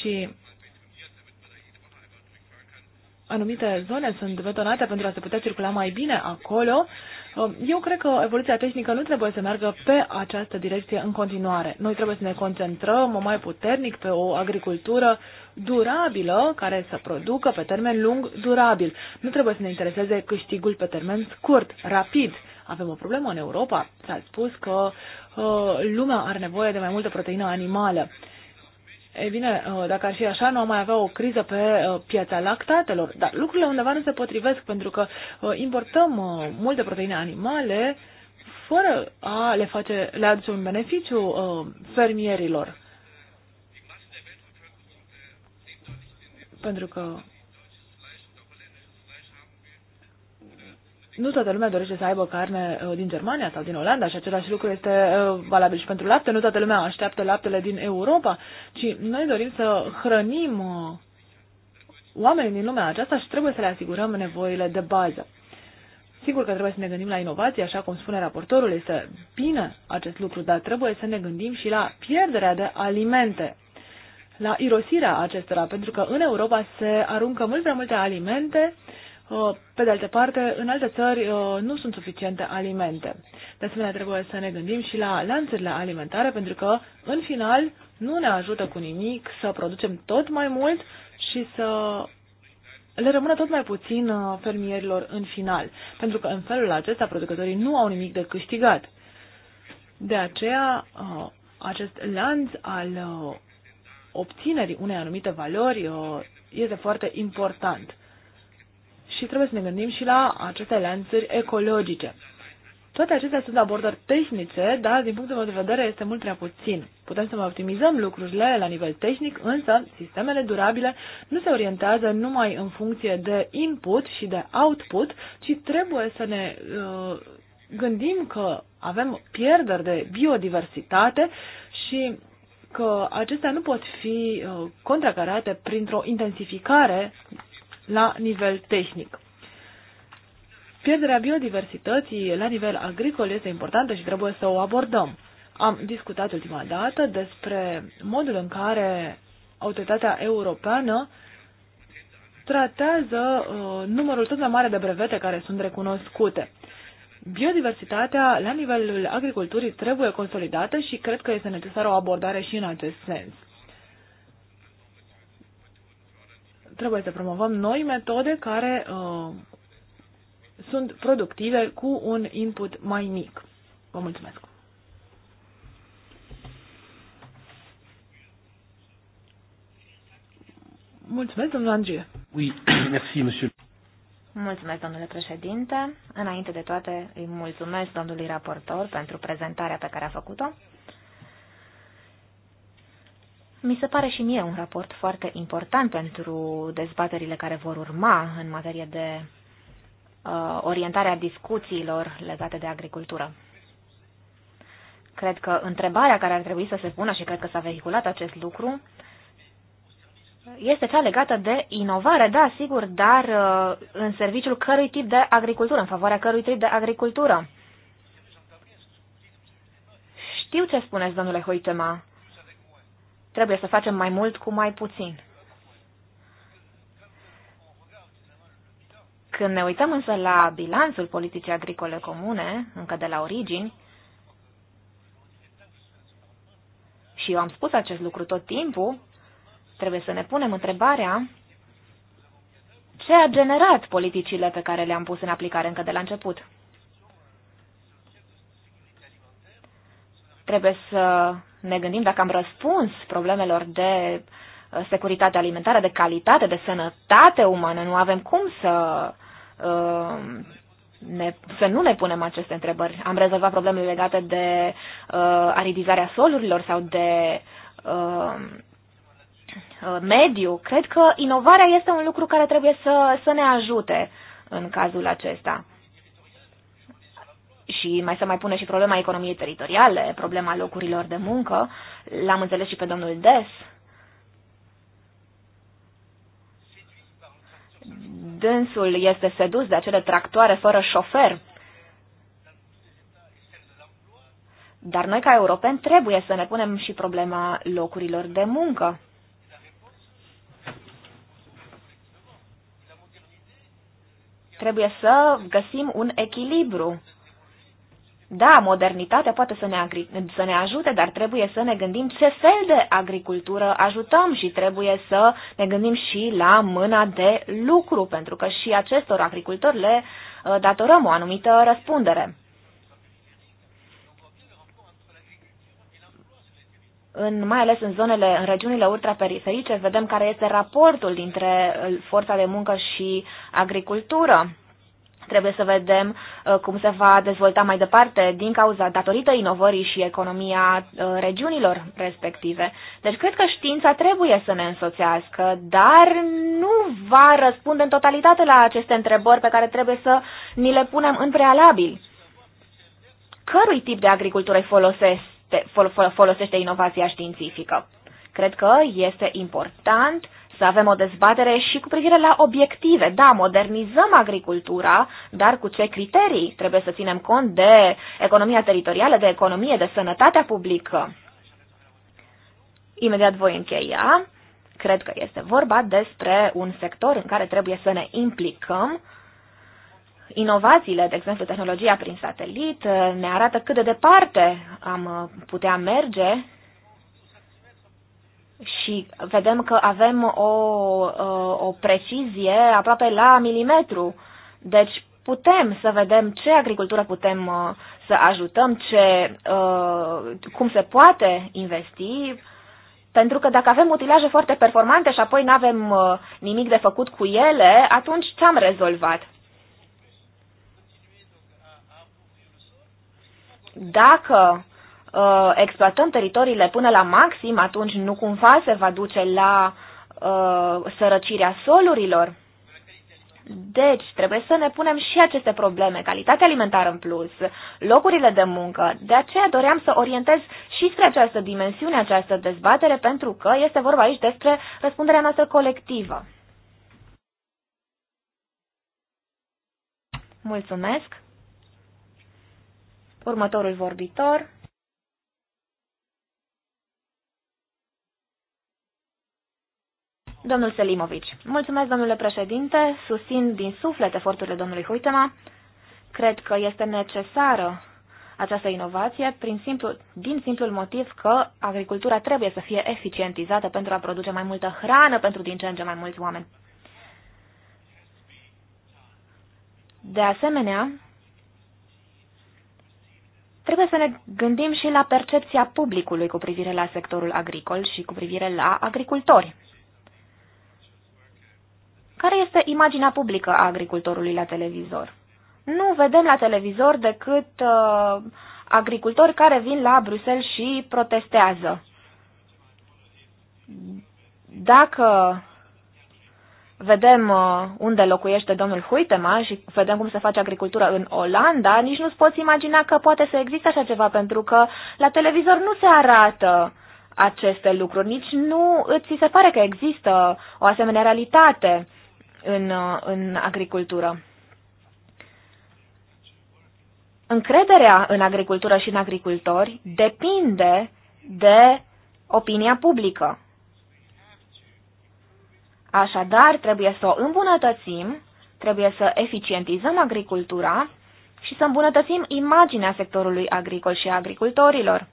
și anumite zone sunt betonate pentru a se putea circula mai bine acolo Um, eu cred că evoluția tehnică nu trebuie să meargă pe această direcție în continuare. Noi trebuie să ne concentrăm mai puternic pe o agricultură durabilă, care să producă pe termen lung durabil. Nu trebuie să ne intereseze câștigul pe termen scurt, rapid. Avem o problemă în Europa. S-a spus că uh, lumea are nevoie de mai multă proteină animală. Uh, ei bine, uh, dacă ar fi așa, nu am mai avea o criză pe uh, piața lactatelor. Dar lucrurile undeva nu se potrivesc pentru că uh, importăm multe proteine animale fără a le face, le aduce un beneficiu fermierilor. Pentru că nu toată lumea dorește să aibă carne uh, din Germania sau din Olanda și același lucru este uh, valabil și pentru lapte. Nu toată lumea așteaptă laptele din Europa, ci noi dorim să hrănim uh, oamenii din lumea aceasta și trebuie să le asigurăm nevoile de bază. Sigur că trebuie să ne gândim la inovație, așa cum spune raportorul, este bine acest lucru, dar trebuie să ne gândim și la pierderea de alimente, la irosirea acestora, pentru că în Europa se aruncă mult prea multe alimente uh, Uh, pe de altă parte, în alte țări uh, nu sunt suficiente alimente. De asemenea, trebuie să ne gândim și la lanțurile alimentare, pentru că, în final, nu ne ajută cu nimic să producem tot mai mult și să le rămână tot mai puțin uh, fermierilor în final, pentru că în felul acesta producătorii nu au nimic de câștigat. De aceea, acest lanț al obținerii unei anumite valori este foarte important și trebuie să ne gândim și la aceste lanțuri ecologice. Toate acestea sunt abordări tehnice, dar din punctul meu de vedere este mult prea puțin. Putem să mai optimizăm lucrurile la nivel tehnic, însă sistemele durabile nu se orientează numai în funcție de input și de output, ci trebuie să ne uh, gândim că avem pierderi de biodiversitate și că acestea nu pot fi uh, contracarate printr-o intensificare la nivel tehnic. Pierderea biodiversității la nivel agricol este importantă și trebuie să o abordăm. Am discutat ultima dată despre modul în care autoritatea europeană tratează uh, numărul tot mai mare de brevete care sunt recunoscute. Biodiversitatea la nivelul agriculturii trebuie consolidată și cred că este necesară o abordare și în acest sens. trebuie să promovăm noi metode care uh, sunt productive cu un input mai mic. Vă mulțumesc! Mulțumesc, domnul Angie. Oui, merci, monsieur. Mulțumesc, domnule președinte. Înainte de toate, îi mulțumesc domnului raportor pentru prezentarea pe care a făcut-o. Mi se pare și mie un raport foarte important pentru dezbaterile care vor urma în materie de uh, orientarea discuțiilor legate de agricultură. Cred că întrebarea care ar trebui să se pună și cred că s-a vehiculat acest lucru este cea legată de inovare, da, sigur, dar uh, în serviciul cărui tip de agricultură, în favoarea cărui tip de agricultură. Știu ce spuneți, domnule Hoitema, Trebuie să facem mai mult cu mai puțin. Când ne uităm însă la bilanțul politicii agricole comune, încă de la origini, și eu am spus acest lucru tot timpul, trebuie să ne punem întrebarea ce a generat politicile pe care le-am pus în aplicare încă de la început. Trebuie să ne gândim dacă am răspuns problemelor de uh, securitate alimentară, de calitate, de sănătate umană. Nu avem cum să, uh, ne, să nu ne punem aceste întrebări. Am rezolvat problemele legate de uh, aridizarea solurilor sau de mediu. Cred că inovarea este un lucru care trebuie să, să ne ajute în cazul acesta și mai se mai pune și problema economiei teritoriale, problema locurilor de muncă. L-am înțeles și pe domnul Des. Dânsul este sedus de acele tractoare fără șofer. Dar noi, ca europeni, trebuie să ne punem și problema locurilor de muncă. Trebuie să găsim un echilibru da, modernitatea poate să ne, să ne ajute, dar trebuie să ne gândim ce fel de agricultură ajutăm și trebuie să ne gândim și la mâna de lucru, pentru că și acestor agricultori le uh, datorăm o anumită răspundere. în, mai ales în zonele, în regiunile ultraperiferice, vedem care este raportul dintre uh, forța de muncă și agricultură. Trebuie să vedem uh, cum se va dezvolta mai departe din cauza datorită inovării și economia uh, regiunilor respective. Deci cred că știința trebuie să ne însoțească, dar nu va răspunde în totalitate la aceste întrebări pe care trebuie să ni le punem în prealabil. Cărui tip de agricultură folosește, folosește inovația științifică? Cred că este important să avem o dezbatere și cu privire la obiective. Da, modernizăm agricultura, dar cu ce criterii? Trebuie să ținem cont de economia teritorială, de economie, de sănătatea publică. Imediat voi încheia. Cred că este vorba despre un sector în care trebuie să ne implicăm. Inovațiile, de exemplu tehnologia prin satelit, ne arată cât de departe am putea merge și vedem că avem o, o precizie aproape la milimetru. Deci putem să vedem ce agricultură putem uh, să ajutăm, ce, uh, cum se poate investi, pentru că dacă avem utilaje foarte performante și apoi nu avem uh, nimic de făcut cu ele, atunci ce-am rezolvat? Dacă uh, exploatăm teritoriile până la maxim, atunci nu cumva se va duce la uh, sărăcirea solurilor. Deci, trebuie să ne punem și aceste probleme, calitatea alimentară în plus, locurile de muncă. De aceea doream să orientez și spre această dimensiune, această dezbatere, pentru că este vorba aici despre răspunderea noastră colectivă. Mulțumesc! Următorul vorbitor, Domnul Selimovici. Mulțumesc, domnule președinte. Susțin din suflet eforturile domnului Huitema. Cred că este necesară această inovație prin simplu, din simplul motiv că agricultura trebuie să fie eficientizată pentru a produce mai multă hrană pentru din ce în ce mai mulți oameni. De asemenea, trebuie să ne gândim și la percepția publicului cu privire la sectorul agricol și cu privire la agricultori. Care este imaginea publică a agricultorului la televizor? Nu vedem la televizor decât uh, agricultori care vin la Bruxelles și protestează. Dacă vedem uh, unde locuiește domnul Huitema și vedem cum se face agricultură în Olanda, nici nu-ți poți imagina că poate să existe așa ceva, pentru că la televizor nu se arată aceste lucruri, nici nu îți se pare că există o asemenea realitate. Uh, în, în agricultură. Încrederea în agricultură și în agricultori depinde de opinia publică. Așadar, trebuie să o îmbunătățim, trebuie să eficientizăm agricultura și să îmbunătățim imaginea sectorului agricol și a agricultorilor.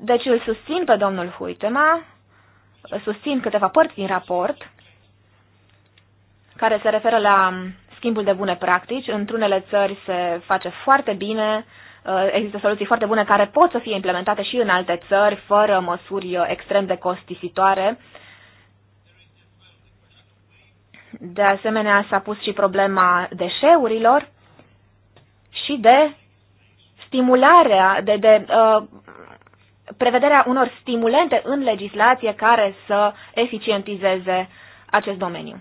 Deci îl susțin pe domnul Huitema, susțin câteva părți din raport care se referă la schimbul de bune practici. Într-unele țări se face foarte bine, uh, există soluții foarte bune care pot să fie implementate și în alte țări, fără măsuri uh, extrem de costisitoare. De asemenea, s-a pus și problema deșeurilor și de stimularea, de, de uh, prevederea unor stimulente în legislație care să eficientizeze acest domeniu.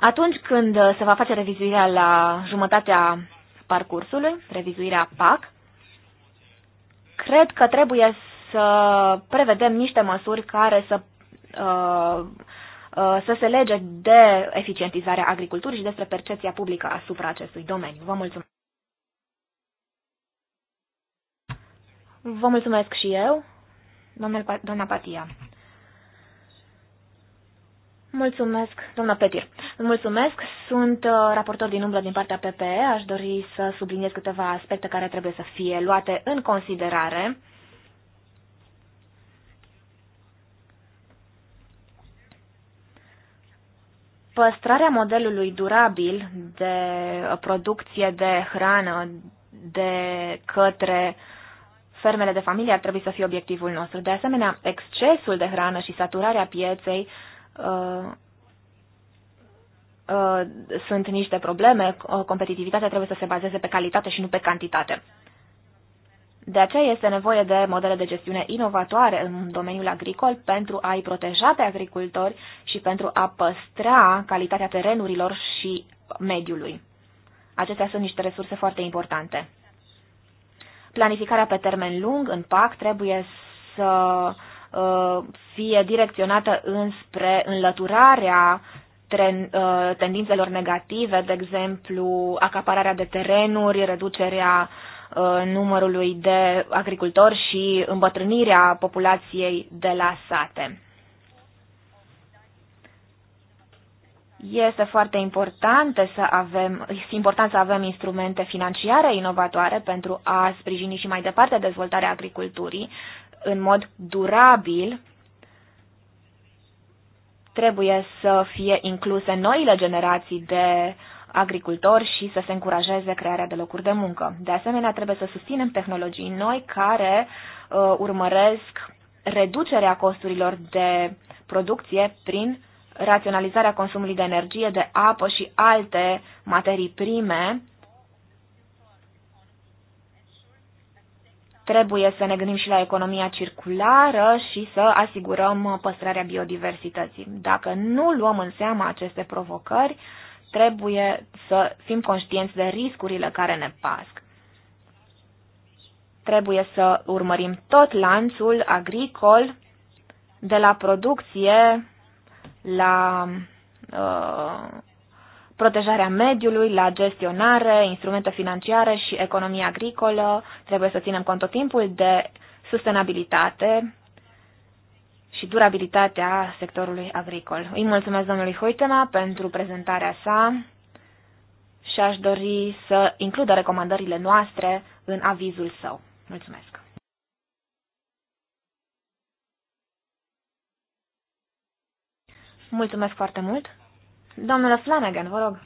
Atunci când uh, se va face revizuirea la jumătatea parcursului, revizuirea PAC, cred că trebuie să prevedem niște măsuri care să, uh, uh, să se lege de eficientizarea agriculturii și despre percepția publică asupra acestui domeniu. Vă mulțumesc! Vă mulțumesc și eu, doamna Patia. Mulțumesc, doamna Petir. Mulțumesc, sunt uh, raportor din umbră din partea PPE. Aș dori să subliniez câteva aspecte care trebuie să fie luate în considerare. Păstrarea modelului durabil de producție de hrană de către fermele de familie ar trebui să fie obiectivul nostru. De asemenea, excesul de hrană și saturarea pieței uh, Uh, uh, sunt niște probleme, uh, competitivitatea trebuie să se bazeze pe calitate și nu pe cantitate. De aceea este nevoie de modele de gestiune inovatoare în domeniul agricol pentru a-i proteja pe agricultori și pentru a păstra calitatea terenurilor și mediului. Acestea sunt niște resurse foarte importante. Planificarea pe termen lung în PAC trebuie să Uh, fie direcționată înspre înlăturarea uh, tendințelor negative, de exemplu, acapararea de terenuri, reducerea uh, numărului de agricultori și îmbătrânirea populației de la sate. Este foarte important să avem, este important să avem instrumente financiare inovatoare pentru a sprijini și mai departe dezvoltarea agriculturii în mod durabil, trebuie să fie incluse noile generații de agricultori și să se încurajeze crearea de locuri de muncă. De asemenea, trebuie să susținem tehnologii noi care uh, urmăresc reducerea costurilor de producție prin raționalizarea consumului de energie, de apă și alte materii prime Trebuie să ne gândim și la economia circulară și să asigurăm păstrarea biodiversității. Dacă nu luăm în seama aceste provocări, trebuie să fim conștienți de riscurile care ne pasc. Trebuie să urmărim tot lanțul agricol, de la producție la uh, protejarea mediului, la gestionare, instrumente financiare și economia agricolă. Trebuie să ținem cont tot timpul de sustenabilitate și durabilitatea sectorului agricol. Îi mulțumesc domnului Hoitema pentru prezentarea sa și aș dori să includă recomandările noastre în avizul său. Mulțumesc! Mulțumesc foarte mult! Domnule Flanagan, vă rog.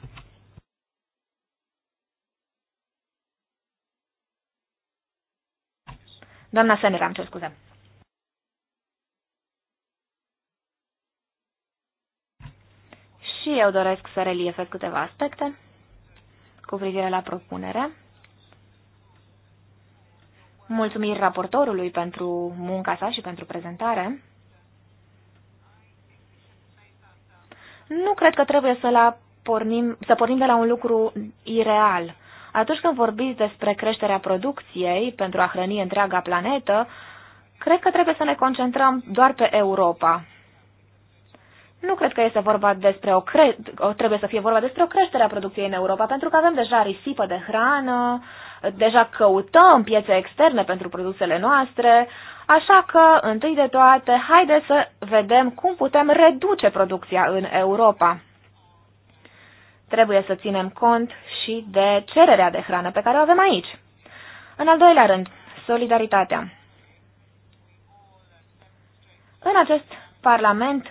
Doamna am ce scuze. Și eu doresc să reliefez câteva aspecte cu privire la propunere. Mulțumiri raportorului pentru munca sa și pentru prezentare. Nu cred că trebuie să, la pornim, să pornim de la un lucru ireal. Atunci când vorbiți despre creșterea producției pentru a hrăni întreaga planetă, cred că trebuie să ne concentrăm doar pe Europa. Nu cred că este vorba despre o cre- trebuie să fie vorba despre o creștere a producției în Europa, pentru că avem deja risipă de hrană, deja căutăm piețe externe pentru produsele noastre, Așa că, întâi de toate, haideți să vedem cum putem reduce producția în Europa. Trebuie să ținem cont și de cererea de hrană pe care o avem aici. În al doilea rând, solidaritatea. În acest Parlament,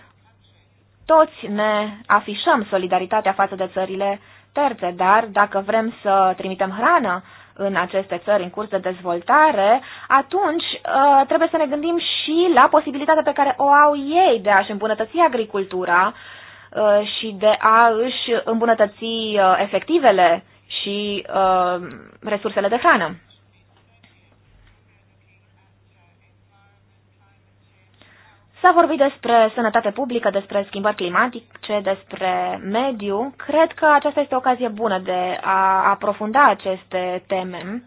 toți ne afișăm solidaritatea față de țările terțe, dar dacă vrem să trimitem hrană în aceste țări în curs de dezvoltare, atunci uh, trebuie să ne gândim și la posibilitatea pe care o au ei de a-și îmbunătăți agricultura uh, și de a își îmbunătăți uh, efectivele și resursele de hrană. S-a vorbit despre sănătate publică, despre schimbări climatice, despre mediu. Cred că aceasta este o ocazie bună de a aprofunda aceste teme.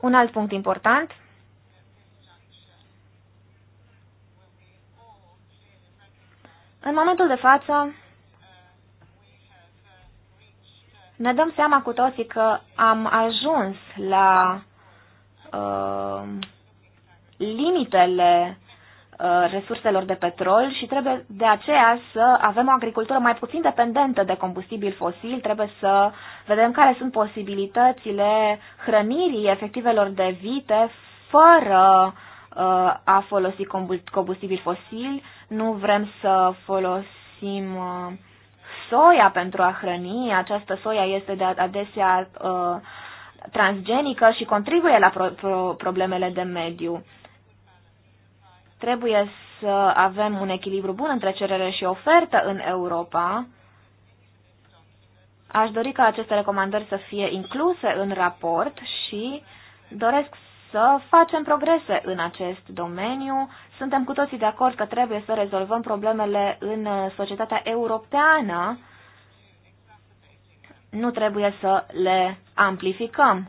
Un alt punct important. În momentul de față, ne dăm seama cu toții că am ajuns la uh, limitele Uh, resurselor de petrol și trebuie de aceea să avem o agricultură mai puțin dependentă de combustibil fosil, trebuie să vedem care sunt posibilitățile hrănirii efectivelor de vite fără uh, a folosi combustibil fosil, nu vrem să folosim uh, soia pentru a hrăni, această soia este de adesea transgenică și contribuie la problemele de mediu. Trebuie să avem un echilibru bun între cerere și ofertă în Europa. Aș dori ca aceste recomandări să fie incluse în raport și doresc să facem progrese în acest domeniu. Suntem cu toții de acord că trebuie să rezolvăm problemele în societatea europeană. Nu trebuie să le amplificăm.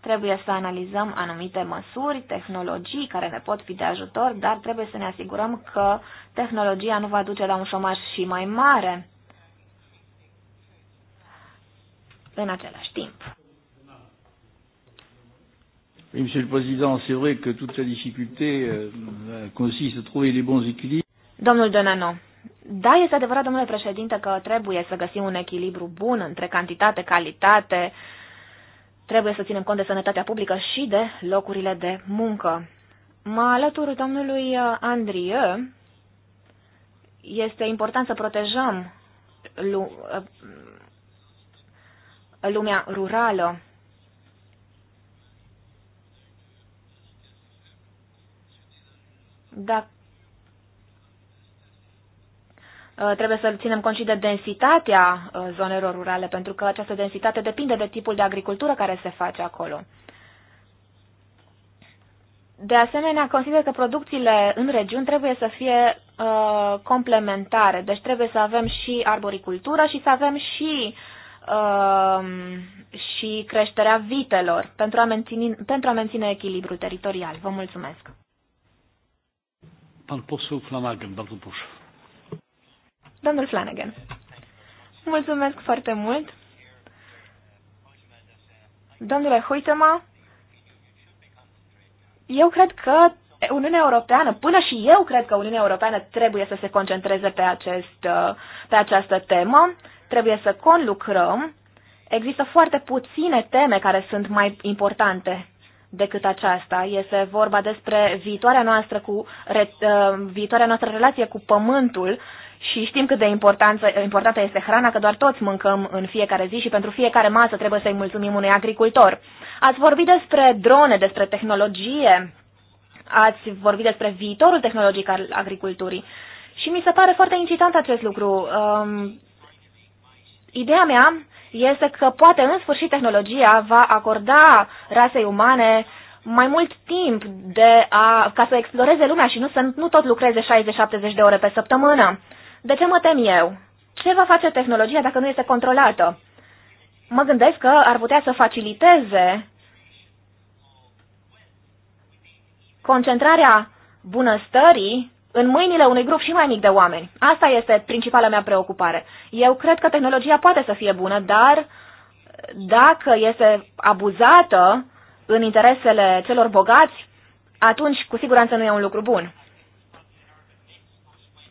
Trebuie să analizăm anumite măsuri, tehnologii care ne pot fi de ajutor, dar trebuie să ne asigurăm că tehnologia nu va duce la un șomaj și mai mare în același timp. Oui, Monsieur le Président, c'est vrai que toute la difficulté euh, consiste à trouver les bons équilibres. Domnul Donano, da, este adevărat, domnule președinte, că trebuie să găsim un echilibru bun între cantitate, calitate, Trebuie să ținem cont de sănătatea publică și de locurile de muncă. Mă alătur domnului uh, Andrie. Este important să protejăm uh, lumea rurală. Dacă Uh, trebuie să ținem cont și de densitatea uh, zonelor rurale, pentru că această densitate depinde de tipul de agricultură care se face acolo. De asemenea, consider că producțiile în regiuni trebuie să fie uh, complementare, deci trebuie să avem și arboricultură și să avem și, uh, și creșterea vitelor pentru a, menține, pentru a menține echilibru teritorial. Vă mulțumesc! Pan poseł Flanagan, bardzo proszę. Domnul Flanagan. Mulțumesc foarte mult. Domnule Huitema, eu cred că Uniunea Europeană, până și eu cred că Uniunea Europeană trebuie să se concentreze pe, acest, pe această temă, trebuie să conlucrăm. Există foarte puține teme care sunt mai importante decât aceasta. Este vorba despre viitoarea noastră, cu, re, uh, viitoarea noastră relație cu Pământul și știm cât de importanță, importantă este hrana, că doar toți mâncăm în fiecare zi și pentru fiecare masă trebuie să-i mulțumim unui agricultor. Ați vorbit despre drone, despre tehnologie, ați vorbit despre viitorul tehnologic al agriculturii. Și mi se pare foarte incitant acest lucru. Um, ideea mea este că poate în sfârșit tehnologia va acorda rasei umane mai mult timp de a, ca să exploreze lumea și nu să nu tot lucreze 60-70 de ore pe săptămână. De ce mă tem eu? Ce va face tehnologia dacă nu este controlată? Mă gândesc că ar putea să faciliteze concentrarea bunăstării în mâinile unui grup și mai mic de oameni. Asta este principala mea preocupare. Eu cred că tehnologia poate să fie bună, dar dacă este abuzată în interesele celor bogați, atunci cu siguranță nu e un lucru bun.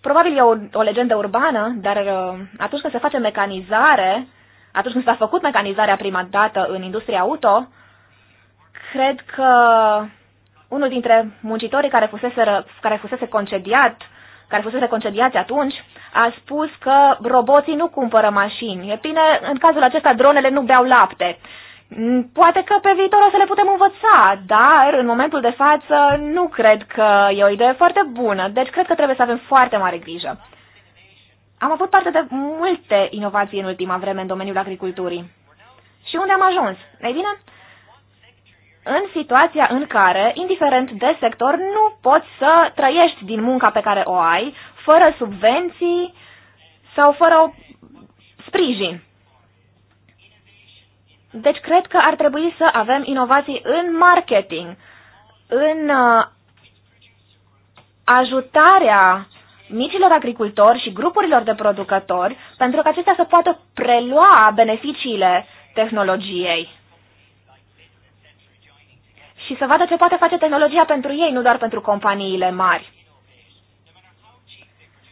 Probabil e o, o legendă urbană, dar uh, atunci când se face mecanizare, atunci când s-a făcut mecanizarea prima dată în industria auto, cred că unul dintre muncitorii care fusese, care fusese concediat, care fusese concediați atunci, a spus că roboții nu cumpără mașini. E bine, în cazul acesta dronele nu beau lapte. Uh, Mm, poate că pe viitor o să le putem învăța, dar în momentul de față nu cred că e o idee foarte bună, deci cred că trebuie să avem foarte mare grijă. Am avut parte de multe inovații în ultima vreme în domeniul agriculturii. Și unde am ajuns? Ei bine, în situația în care, indiferent de sector, nu poți să trăiești din munca pe care o ai, fără subvenții sau fără o sprijin. Deci cred că ar trebui să avem inovații în marketing, în uh, ajutarea micilor agricultori și grupurilor de producători pentru că acestea să poată prelua beneficiile tehnologiei și să vadă ce poate face tehnologia pentru ei, nu doar pentru companiile mari.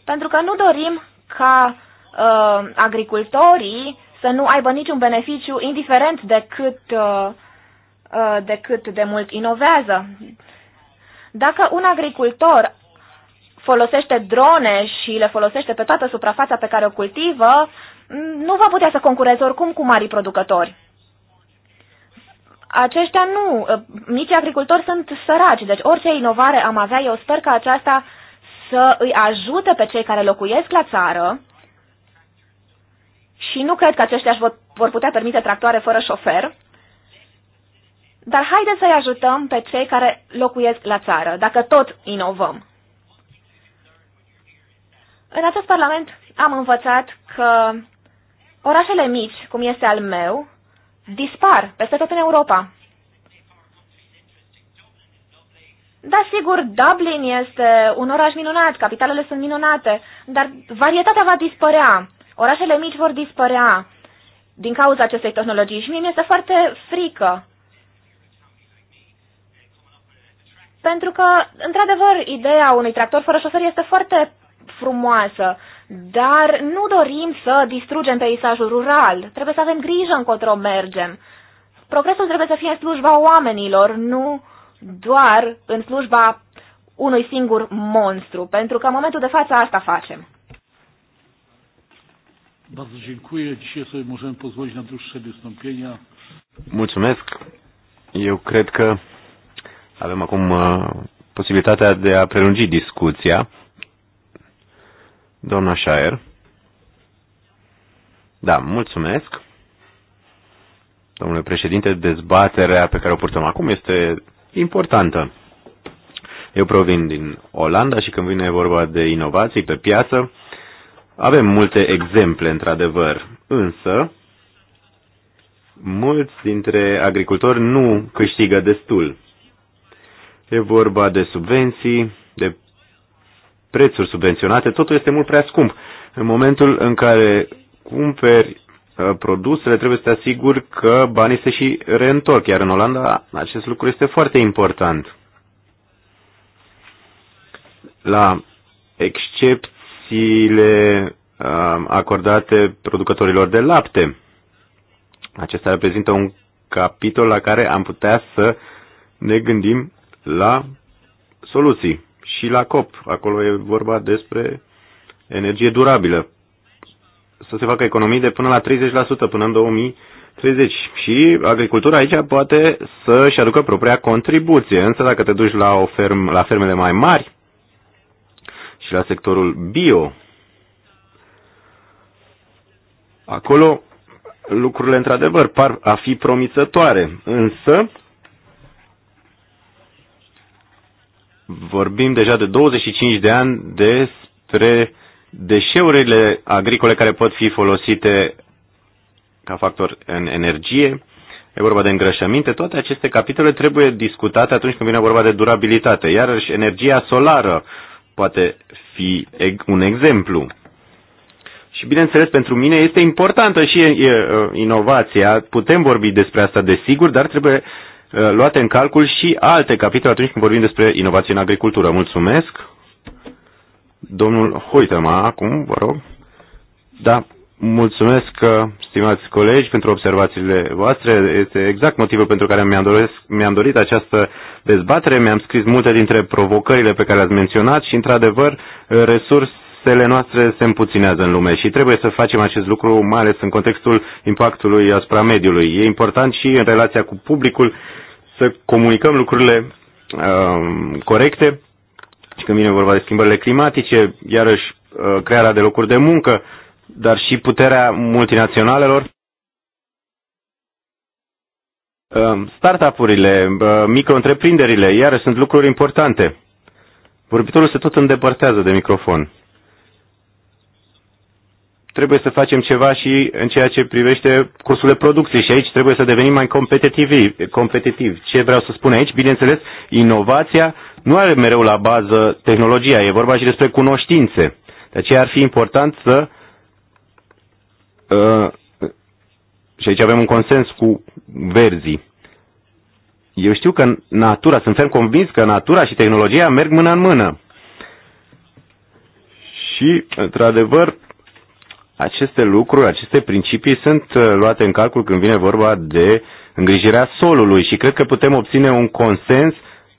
Pentru că nu dorim ca uh, agricultorii să nu aibă niciun beneficiu, indiferent de cât, uh, uh, de, cât de mult inovează. Dacă un agricultor folosește drone și le folosește pe toată suprafața pe care o cultivă, mm, nu va putea să concureze oricum cu marii producători. Aceștia nu, nici uh, agricultori sunt săraci, deci orice inovare am avea, eu sper că aceasta să îi ajute pe cei care locuiesc la țară și nu cred că aceștia își vor putea permite tractoare fără șofer, dar haideți să-i ajutăm pe cei care locuiesc la țară, dacă tot inovăm. În acest Parlament am învățat că orașele mici, cum este al meu, dispar peste tot în Europa. Da, sigur, Dublin este un oraș minunat, capitalele sunt minunate, dar varietatea va dispărea. Orașele mici vor dispărea din cauza acestei tehnologii și mie mi-este foarte frică. Pentru că, într-adevăr, ideea unui tractor fără șofer este foarte frumoasă, dar nu dorim să distrugem peisajul rural. Trebuie să avem grijă încotro mergem. Progresul trebuie să fie în slujba oamenilor, nu doar în slujba unui singur monstru, pentru că în momentul de față asta facem. Bardzo dziękuję. Dzisiaj sobie możemy pozwolić na dłuższe wystąpienia. Mulțumesc. Eu cred că avem acum uh, posibilitatea de a prelungi discuția. Doamna Shire. Da, mulțumesc. Domnule președinte, dezbaterea pe care o purtăm acum este importantă. Eu provin din Olanda și când vine vorba de inovații pe piață, avem multe exemple, într-adevăr, însă mulți dintre agricultori nu câștigă destul. E vorba de subvenții, de prețuri subvenționate, totul este mult prea scump. În momentul în care cumperi uh, produsele, trebuie să te asiguri că banii se și reîntorc, iar în Olanda acest lucru este foarte important. La except subvențiile um, acordate producătorilor de lapte. Acesta reprezintă un capitol la care am putea să ne gândim la soluții și la COP. Acolo e vorba despre energie durabilă. Să se facă economii de până la 30% până în 2030 și agricultura aici poate să-și aducă propria contribuție. Însă dacă te duci la, o ferm, la fermele mai mari, și la sectorul bio. Acolo lucrurile într-adevăr par a fi promițătoare, însă vorbim deja de 25 de ani despre deșeurile agricole care pot fi folosite ca factor în energie, e vorba de îngrășăminte, toate aceste capitole trebuie discutate atunci când vine vorba de durabilitate. Iarăși, energia solară, poate fi un exemplu. Și bineînțeles, pentru mine este importantă și uh, inovația. Putem vorbi despre asta, desigur, dar trebuie uh, luate în calcul și alte capitole atunci când vorbim despre inovație în agricultură. Mulțumesc. Domnul Hoitema, acum, vă rog. Da, Mulțumesc, uh, stimați colegi, pentru observațiile voastre. Este exact motivul pentru care mi-am, doresc, mi-am dorit această dezbatere. Mi-am scris multe dintre provocările pe care le-ați menționat și, într-adevăr, uh, resursele noastre se împuținează în lume și trebuie să facem acest lucru, mai ales în contextul impactului asupra mediului. E important și în relația cu publicul să comunicăm lucrurile um, corecte și când vine vorba de schimbările climatice, iarăși uh, crearea de locuri de muncă, dar și puterea multinaționalelor. Ehm, startup-urile, ehm, micro-întreprinderile, iară sunt lucruri importante. Vorbitorul se tot îndepărtează de microfon. Trebuie să facem ceva și în ceea ce privește costurile producției și aici trebuie să devenim mai competitivi. competitiv. Ce vreau să spun aici? Bineînțeles, inovația nu are mereu la bază tehnologia, e vorba și despre cunoștințe. De aceea ar fi important să Uh, și aici avem un consens cu verzii. Eu știu că natura, sunt ferm convins că natura și tehnologia merg mână în mână. Și, într-adevăr, aceste lucruri, aceste principii sunt uh, luate în calcul când vine vorba de îngrijirea solului și cred că putem obține un consens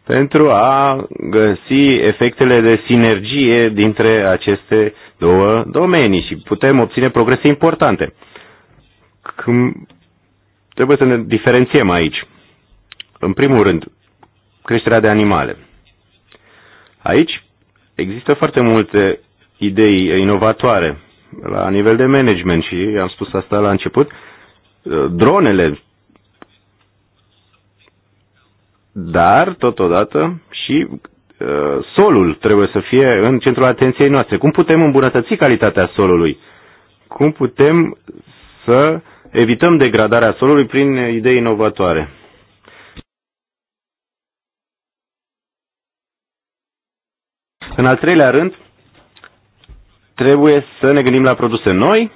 pentru a găsi efectele de sinergie dintre aceste două domenii și putem obține progrese importante. Când trebuie să ne diferențiem aici. În primul rând, creșterea de animale. Aici există foarte multe idei inovatoare la nivel de management și am spus asta la început. Dronele, dar totodată și Uh, solul trebuie să fie în centrul atenției noastre. Cum putem îmbunătăți calitatea solului? Cum putem să evităm degradarea solului prin idei inovatoare? În al treilea rând, trebuie să ne gândim la produse noi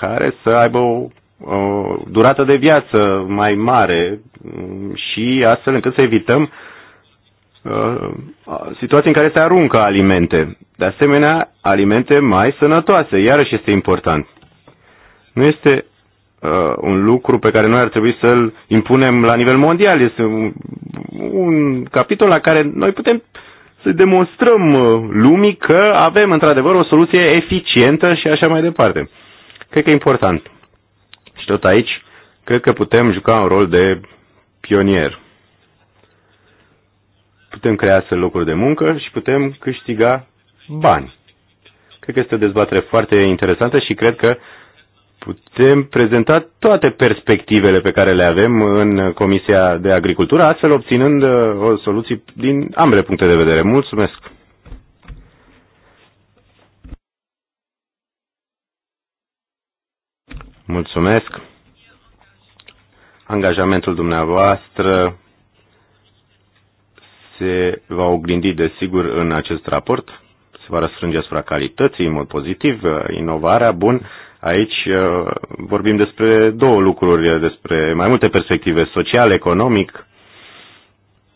care să aibă o o durată de viață mai mare mm, și astfel încât să evităm uh, situații în care se aruncă alimente. De asemenea, alimente mai sănătoase, iarăși este important. Nu este uh, un lucru pe care noi ar trebui să-l impunem la nivel mondial. Este un, un capitol la care noi putem să demonstrăm uh, lumii că avem într-adevăr o soluție eficientă și așa mai departe. Cred că e important. Și tot aici, cred că putem juca un rol de pionier. Putem crea astfel locuri de muncă și putem câștiga bani. Cred că este o dezbatere foarte interesantă și cred că putem prezenta toate perspectivele pe care le avem în Comisia de Agricultură, astfel obținând uh, o soluție din ambele puncte de vedere. Mulțumesc! Mulțumesc. Angajamentul dumneavoastră se va oglindi, desigur, în acest raport. Se va răsfrânge asupra calității, în mod pozitiv, inovarea, bun. Aici uh, vorbim despre două lucruri, despre mai multe perspective, social, economic.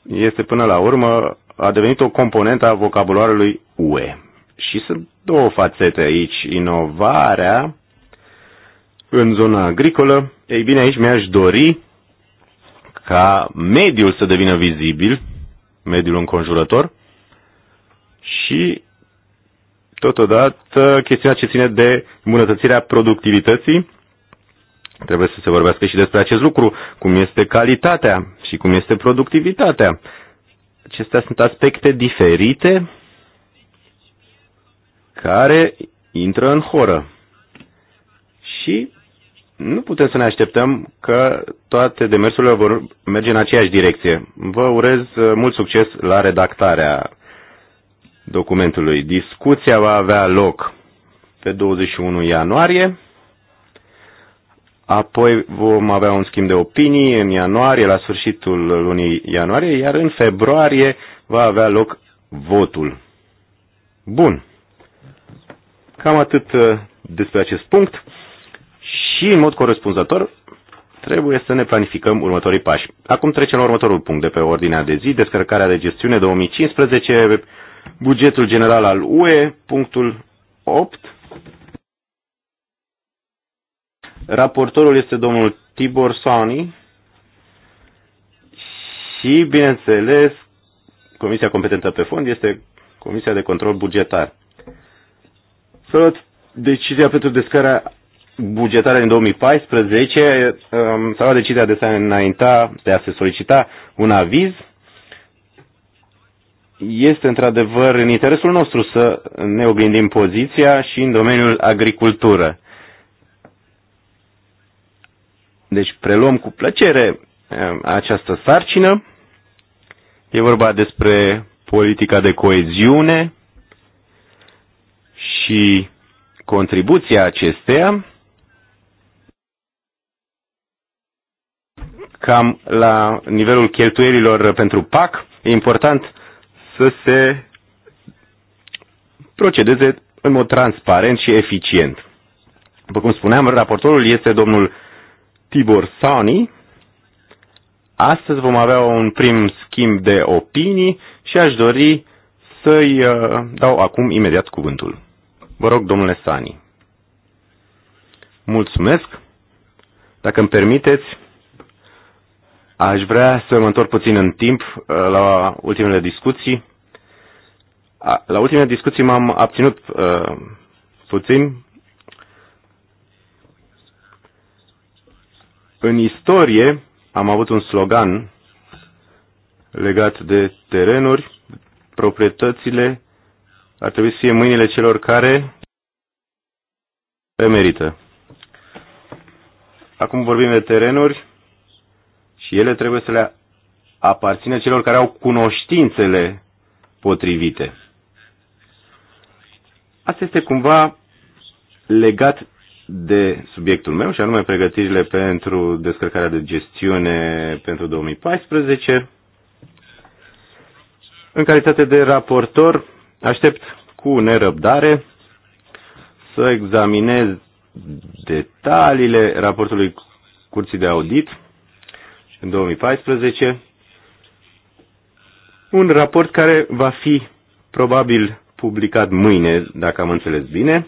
Este până la urmă, a devenit o componentă a vocabularului UE. Și sunt două fațete aici. Inovarea în zona agricolă, ei bine, aici mi-aș dori ca mediul să devină vizibil, mediul înconjurător, și totodată chestiunea ce ține de îmbunătățirea productivității. Trebuie să se vorbească și despre acest lucru, cum este calitatea și cum este productivitatea. Acestea sunt aspecte diferite care intră în horă. Și nu putem să ne așteptăm că toate demersurile vor merge în aceeași direcție. Vă urez uh, mult succes la redactarea documentului. Discuția va avea loc pe 21 ianuarie, apoi vom avea un schimb de opinii în ianuarie, la sfârșitul lunii ianuarie, iar în februarie va avea loc votul. Bun. Cam atât uh, despre acest punct și, în mod corespunzător, trebuie să ne planificăm următorii pași. Acum trecem la următorul punct de pe ordinea de zi, descărcarea de gestiune 2015, bugetul general al UE, punctul 8. Raportorul este domnul Tibor Sani și, bineînțeles, Comisia competentă pe fond este Comisia de Control Bugetar. Să luăm decizia pentru descărcarea bugetare din 2014 um, s-a luat decizia de a înainta, de a se solicita un aviz. Este într-adevăr în interesul nostru să ne oglindim poziția și în domeniul agricultură. Deci preluăm cu plăcere um, această sarcină. E vorba despre politica de coeziune și contribuția acesteia cam la nivelul cheltuielilor pentru PAC, e important să se procedeze în mod transparent și eficient. După cum spuneam, raportorul este domnul Tibor Sani. Astăzi vom avea un prim schimb de opinii și aș dori să-i uh, dau acum imediat cuvântul. Vă rog, domnule Sani. Mulțumesc. Dacă îmi permiteți, Aș vrea să mă întorc puțin în timp uh, la ultimele discuții. La ultimele discuții m-am abținut uh, puțin. În istorie am avut un slogan legat de terenuri, proprietățile ar trebui să fie mâinile celor care le merită. Acum vorbim de terenuri, și ele trebuie să le aparțină celor care au cunoștințele potrivite. Asta este cumva legat de subiectul meu, și anume pregătirile pentru descărcarea de gestiune pentru 2014. În calitate de raportor, aștept cu nerăbdare să examinez detaliile raportului Curții de Audit în 2014, un raport care va fi probabil publicat mâine, dacă am înțeles bine.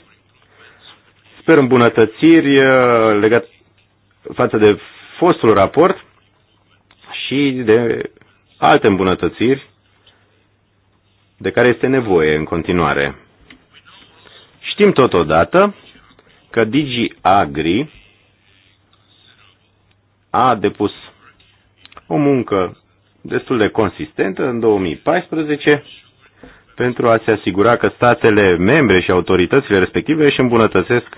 Sper îmbunătățiri uh, legat față de fostul raport și de alte îmbunătățiri de care este nevoie în continuare. Știm totodată că Digi Agri a depus o muncă destul de consistentă în 2014 pentru a se asigura că statele membre și autoritățile respective își îmbunătățesc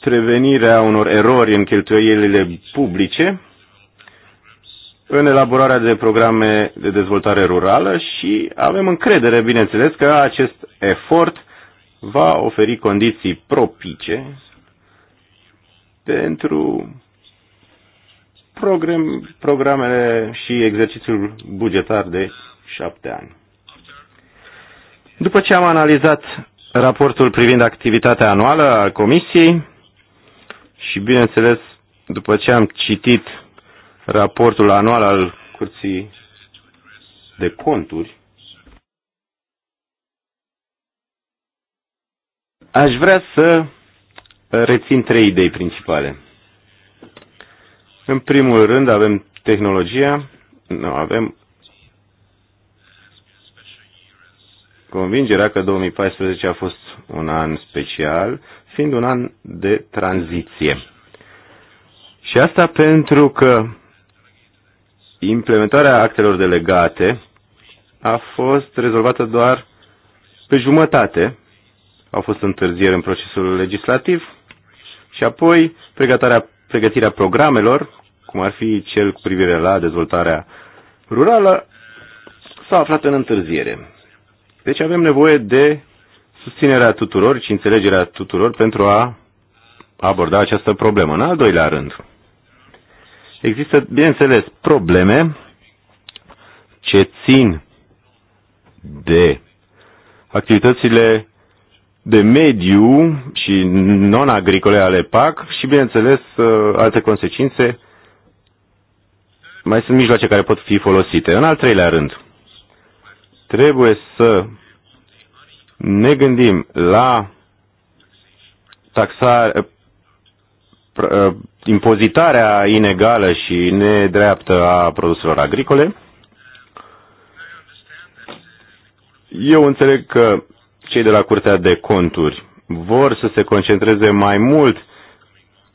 prevenirea unor erori în cheltuielile publice, în elaborarea de programe de dezvoltare rurală și avem încredere, bineînțeles, că acest efort va oferi condiții propice pentru program, programele și exercițiul bugetar de șapte ani. După ce am analizat raportul privind activitatea anuală a Comisiei și, bineînțeles, după ce am citit raportul anual al Curții de Conturi, aș vrea să rețin trei idei principale. În primul rând avem tehnologia, nu, avem convingerea că 2014 a fost un an special, fiind un an de tranziție. Și asta pentru că implementarea actelor delegate a fost rezolvată doar pe jumătate. Au fost întârzieri în procesul legislativ și apoi pregătarea pregătirea programelor, cum ar fi cel cu privire la dezvoltarea rurală, s-a aflat în întârziere. Deci avem nevoie de susținerea tuturor și înțelegerea tuturor pentru a aborda această problemă. În al doilea rând, există, bineînțeles, probleme ce țin de activitățile de mediu și non-agricole ale PAC și, bineînțeles, uh, alte consecințe. Mai sunt mijloace care pot fi folosite. În al treilea rând, trebuie să ne gândim la taxare, uh, impozitarea inegală și nedreaptă a produselor agricole. Eu înțeleg că cei de la Curtea de Conturi vor să se concentreze mai mult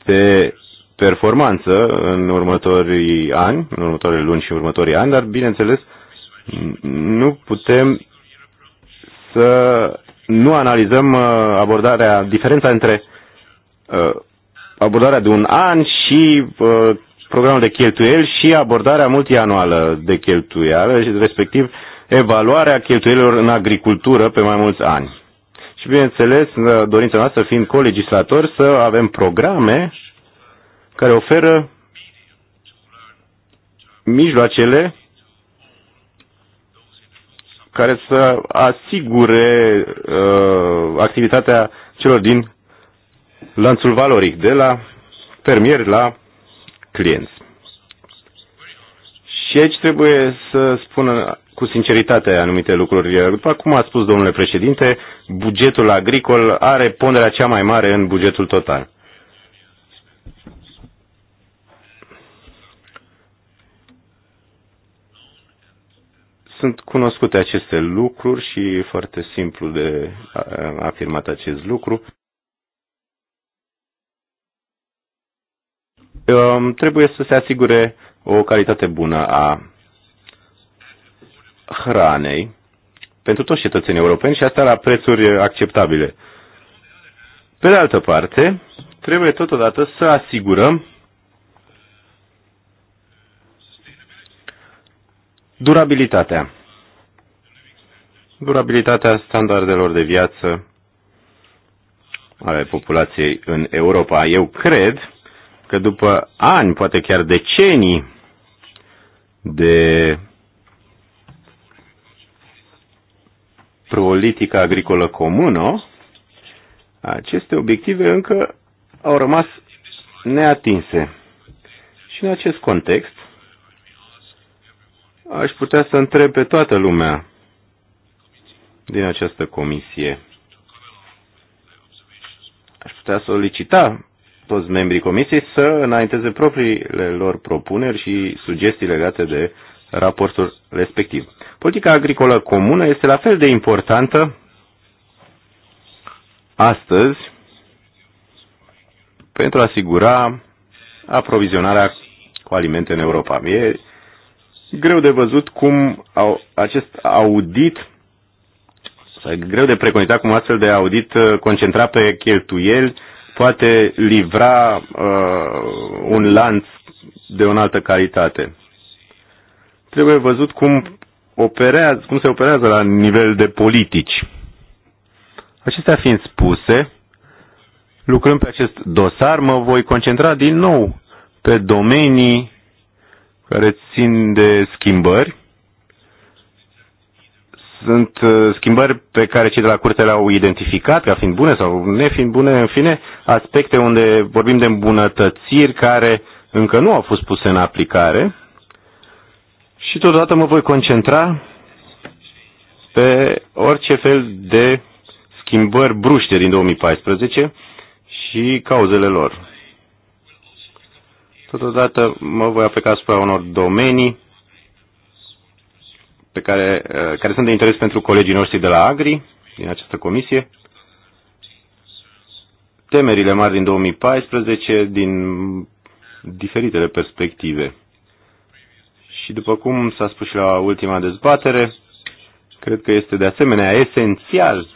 pe performanță în următorii ani, în următoarele luni și în următorii ani, dar bineînțeles nu putem să nu analizăm uh, abordarea, diferența între uh, abordarea de un an și uh, programul de cheltuieli și abordarea multianuală de cheltuială, respectiv evaluarea cheltuielilor în agricultură pe mai mulți ani. Și bineînțeles, dorința noastră fiind colegislatori, să avem programe care oferă mijloacele care să asigure uh, activitatea celor din lanțul valoric, de la fermieri la clienți. Și aici trebuie să spun cu sinceritate anumite lucruri. După cum a spus domnule președinte, bugetul agricol are ponderea cea mai mare în bugetul total. Sunt cunoscute aceste lucruri și foarte simplu de afirmat acest lucru. Ehm, trebuie să se asigure o calitate bună a hranei pentru toți cetățenii europeni și asta la prețuri acceptabile. Pe de altă parte, trebuie totodată să asigurăm durabilitatea. Durabilitatea standardelor de viață ale populației în Europa. Eu cred că după ani, poate chiar decenii de politica agricolă comună, aceste obiective încă au rămas neatinse. Și în acest context, aș putea să întreb pe toată lumea din această comisie. Aș putea solicita toți membrii comisiei să înainteze propriile lor propuneri și sugestii legate de raportul respectiv. Politica agricolă comună este la fel de importantă astăzi pentru a asigura aprovizionarea cu alimente în Europa. E greu de văzut cum au, acest audit, sau e greu de preconizat cum astfel de audit uh, concentrat pe cheltuieli poate livra uh, un lanț de o altă calitate trebuie văzut cum, operează, cum se operează la nivel de politici. Acestea fiind spuse, lucrând pe acest dosar, mă voi concentra din nou pe domenii care țin de schimbări. Sunt uh, schimbări pe care cei de la curte le-au identificat ca fiind bune sau nefiind bune, în fine, aspecte unde vorbim de îmbunătățiri care încă nu au fost puse în aplicare și totodată mă voi concentra pe orice fel de schimbări bruște din 2014 și cauzele lor. Totodată mă voi apleca asupra unor domenii pe care, eh, care sunt de interes pentru colegii noștri de la Agri, din această comisie, temerile mari din 2014 din diferitele perspective. Și după cum s-a spus și la ultima dezbatere, cred că este de asemenea esențial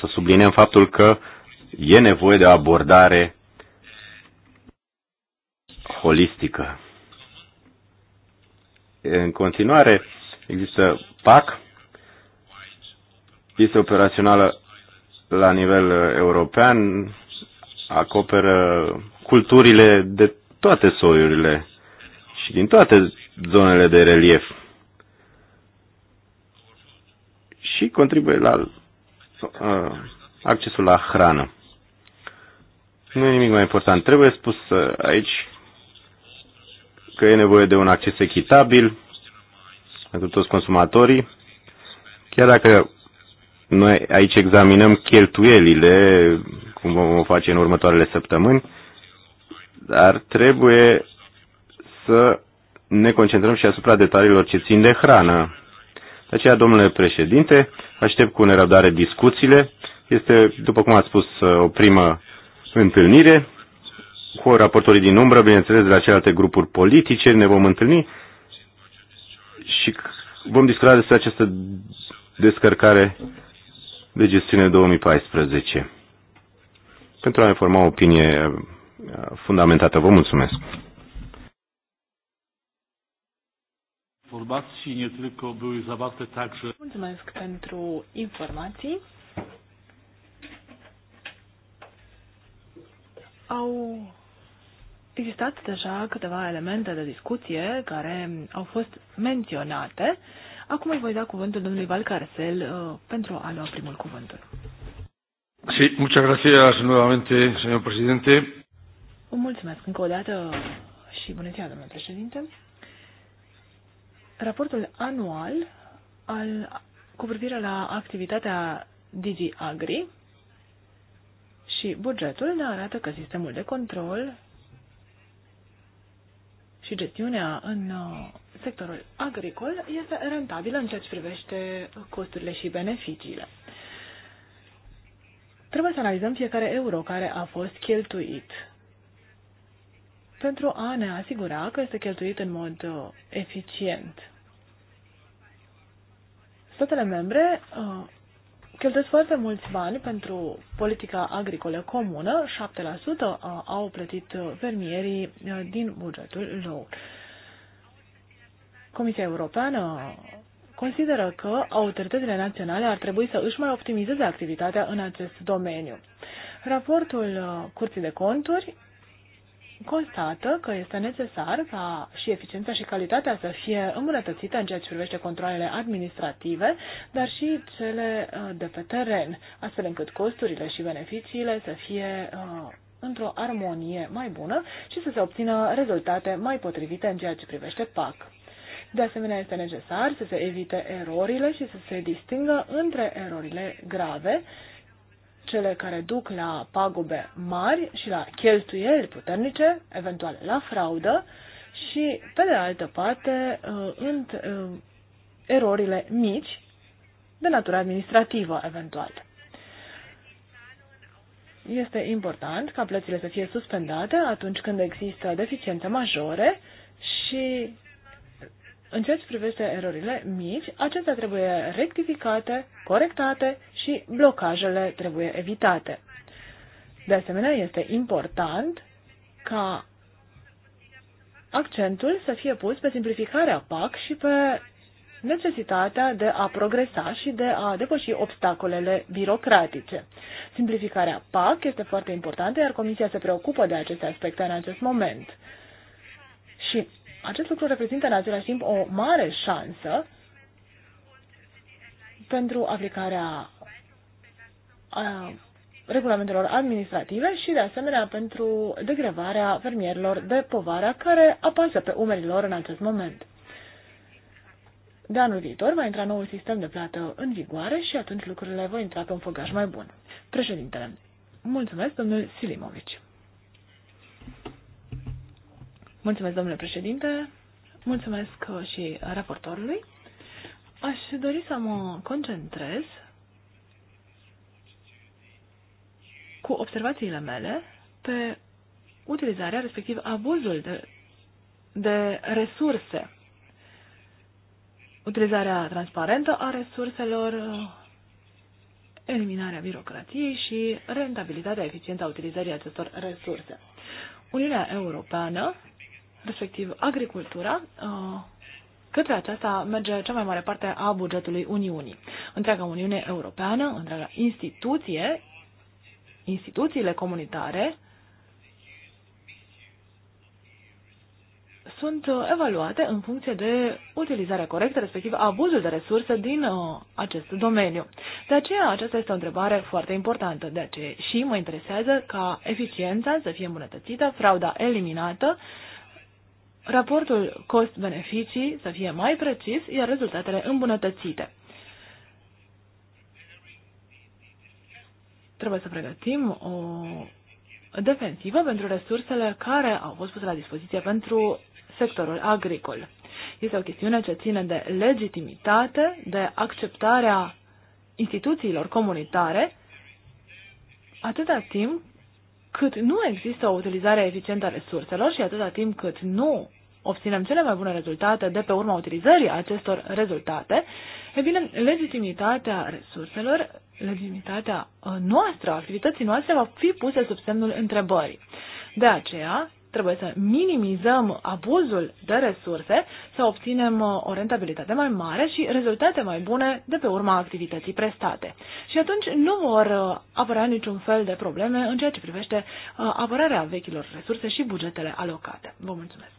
să subliniem faptul că e nevoie de o abordare holistică. În continuare, există PAC, este operațională la nivel european, acoperă culturile de toate soiurile și din toate zonele de relief. Și contribuie la uh, accesul la hrană. Nu e nimic mai important. Trebuie spus uh, aici că e nevoie de un acces echitabil pentru toți consumatorii, chiar dacă noi aici examinăm cheltuielile, cum vom face în următoarele săptămâni, dar trebuie să ne concentrăm și asupra detaliilor ce țin de hrană. De aceea, domnule președinte, aștept cu nerăbdare discuțiile. Este, după cum ați spus, o primă întâlnire cu raportorii din umbră, bineînțeles, de la celelalte grupuri politice. Ne vom întâlni și vom discuta despre această descărcare de gestiune 2014 pentru a ne forma o opinie fundamentată. Vă mulțumesc! informacji, nie tylko były zawarte także. Mulțumesc pentru informații. Au existat deja câteva elemente de discuție care au fost menționate. Acum îi voi da cuvântul domnului Valcarcel uh, pentru a lua primul cuvânt. Sí, muchas gracias nuevamente, señor presidente. Mulțumesc încă o dată și bună ziua, domnule președinte raportul anual al, cu privire la activitatea Digi Agri și bugetul ne arată că sistemul de control și gestiunea în uh, sectorul agricol este rentabilă în ceea ce privește costurile și beneficiile. Trebuie să analizăm fiecare euro care a fost cheltuit pentru a ne asigura că este cheltuit în mod uh, eficient. Statele membre uh, cheltuiesc foarte mulți bani pentru politica agricolă comună, 7% uh, au plătit fermierii din bugetul lor. Comisia Europeană consideră că autoritățile naționale ar trebui să își mai optimizeze activitatea în acest domeniu. Raportul Curții de Conturi constată că este necesar ca și eficiența și calitatea să fie îmbunătățită în ceea ce privește controlele administrative, dar și cele uh, de pe teren, astfel încât costurile și beneficiile să fie uh, într-o armonie mai bună și să se obțină rezultate mai potrivite în ceea ce privește PAC. De asemenea, este necesar să se evite erorile și să se distingă între erorile grave uh, cele care duc la pagube mari și la cheltuieli puternice, eventual la fraudă, și, pe de altă parte, uh, în uh, erorile mici, de natură administrativă, eventual. Este important ca plățile să fie suspendate atunci când există deficiențe majore și în ceea ce privește erorile mici, acestea trebuie rectificate, corectate și blocajele trebuie evitate. De asemenea, este important ca accentul să fie pus pe simplificarea PAC și pe necesitatea de a progresa și de a depăși obstacolele birocratice. Simplificarea PAC este foarte importantă, iar Comisia se preocupă de aceste aspecte în acest moment. Și acest lucru reprezintă în același timp o mare șansă pentru aplicarea regulamentelor administrative și, de asemenea, pentru degrevarea fermierilor de povara care apasă pe umerii lor în acest moment. De anul viitor va intra noul sistem de plată în vigoare și atunci lucrurile vor intra pe un făgaș mai bun. Președintele, mulțumesc, domnul Silimovici. Mulțumesc, domnule președinte. Mulțumesc și raportorului. Aș dori să mă concentrez cu observațiile mele pe utilizarea, respectiv abuzul de, de resurse. Utilizarea transparentă a resurselor, eliminarea birocratiei și rentabilitatea eficientă a utilizării acestor resurse. Uniunea Europeană, respectiv agricultura, uh, către aceasta merge cea mai mare parte a bugetului Uniunii. Întreaga Uniune Europeană, întreaga instituție instituțiile comunitare sunt uh, evaluate în funcție de utilizarea corectă, respectiv abuzul de resurse din uh, acest domeniu. De aceea, aceasta este o întrebare foarte importantă. De aceea și mă interesează ca eficiența să fie îmbunătățită, frauda eliminată, raportul cost-beneficii să fie mai precis, iar rezultatele îmbunătățite. Trebuie să pregătim o defensivă pentru resursele care au fost puse la dispoziție pentru sectorul agricol. Este o chestiune ce ține de legitimitate, de acceptarea instituțiilor comunitare, atâta timp cât nu există o utilizare eficientă a resurselor și atâta timp cât nu obținem cele mai bune rezultate de pe urma utilizării acestor rezultate, e bine, legitimitatea resurselor legitimitatea uh, noastră, activității noastre va fi pusă sub semnul întrebării. De aceea, trebuie să minimizăm abuzul de resurse, să obținem uh, o rentabilitate mai mare și rezultate mai bune de pe urma activității prestate. Și atunci nu vor uh, apărea niciun fel de probleme în ceea ce privește apărarea vechilor resurse și bugetele alocate. Vă mulțumesc!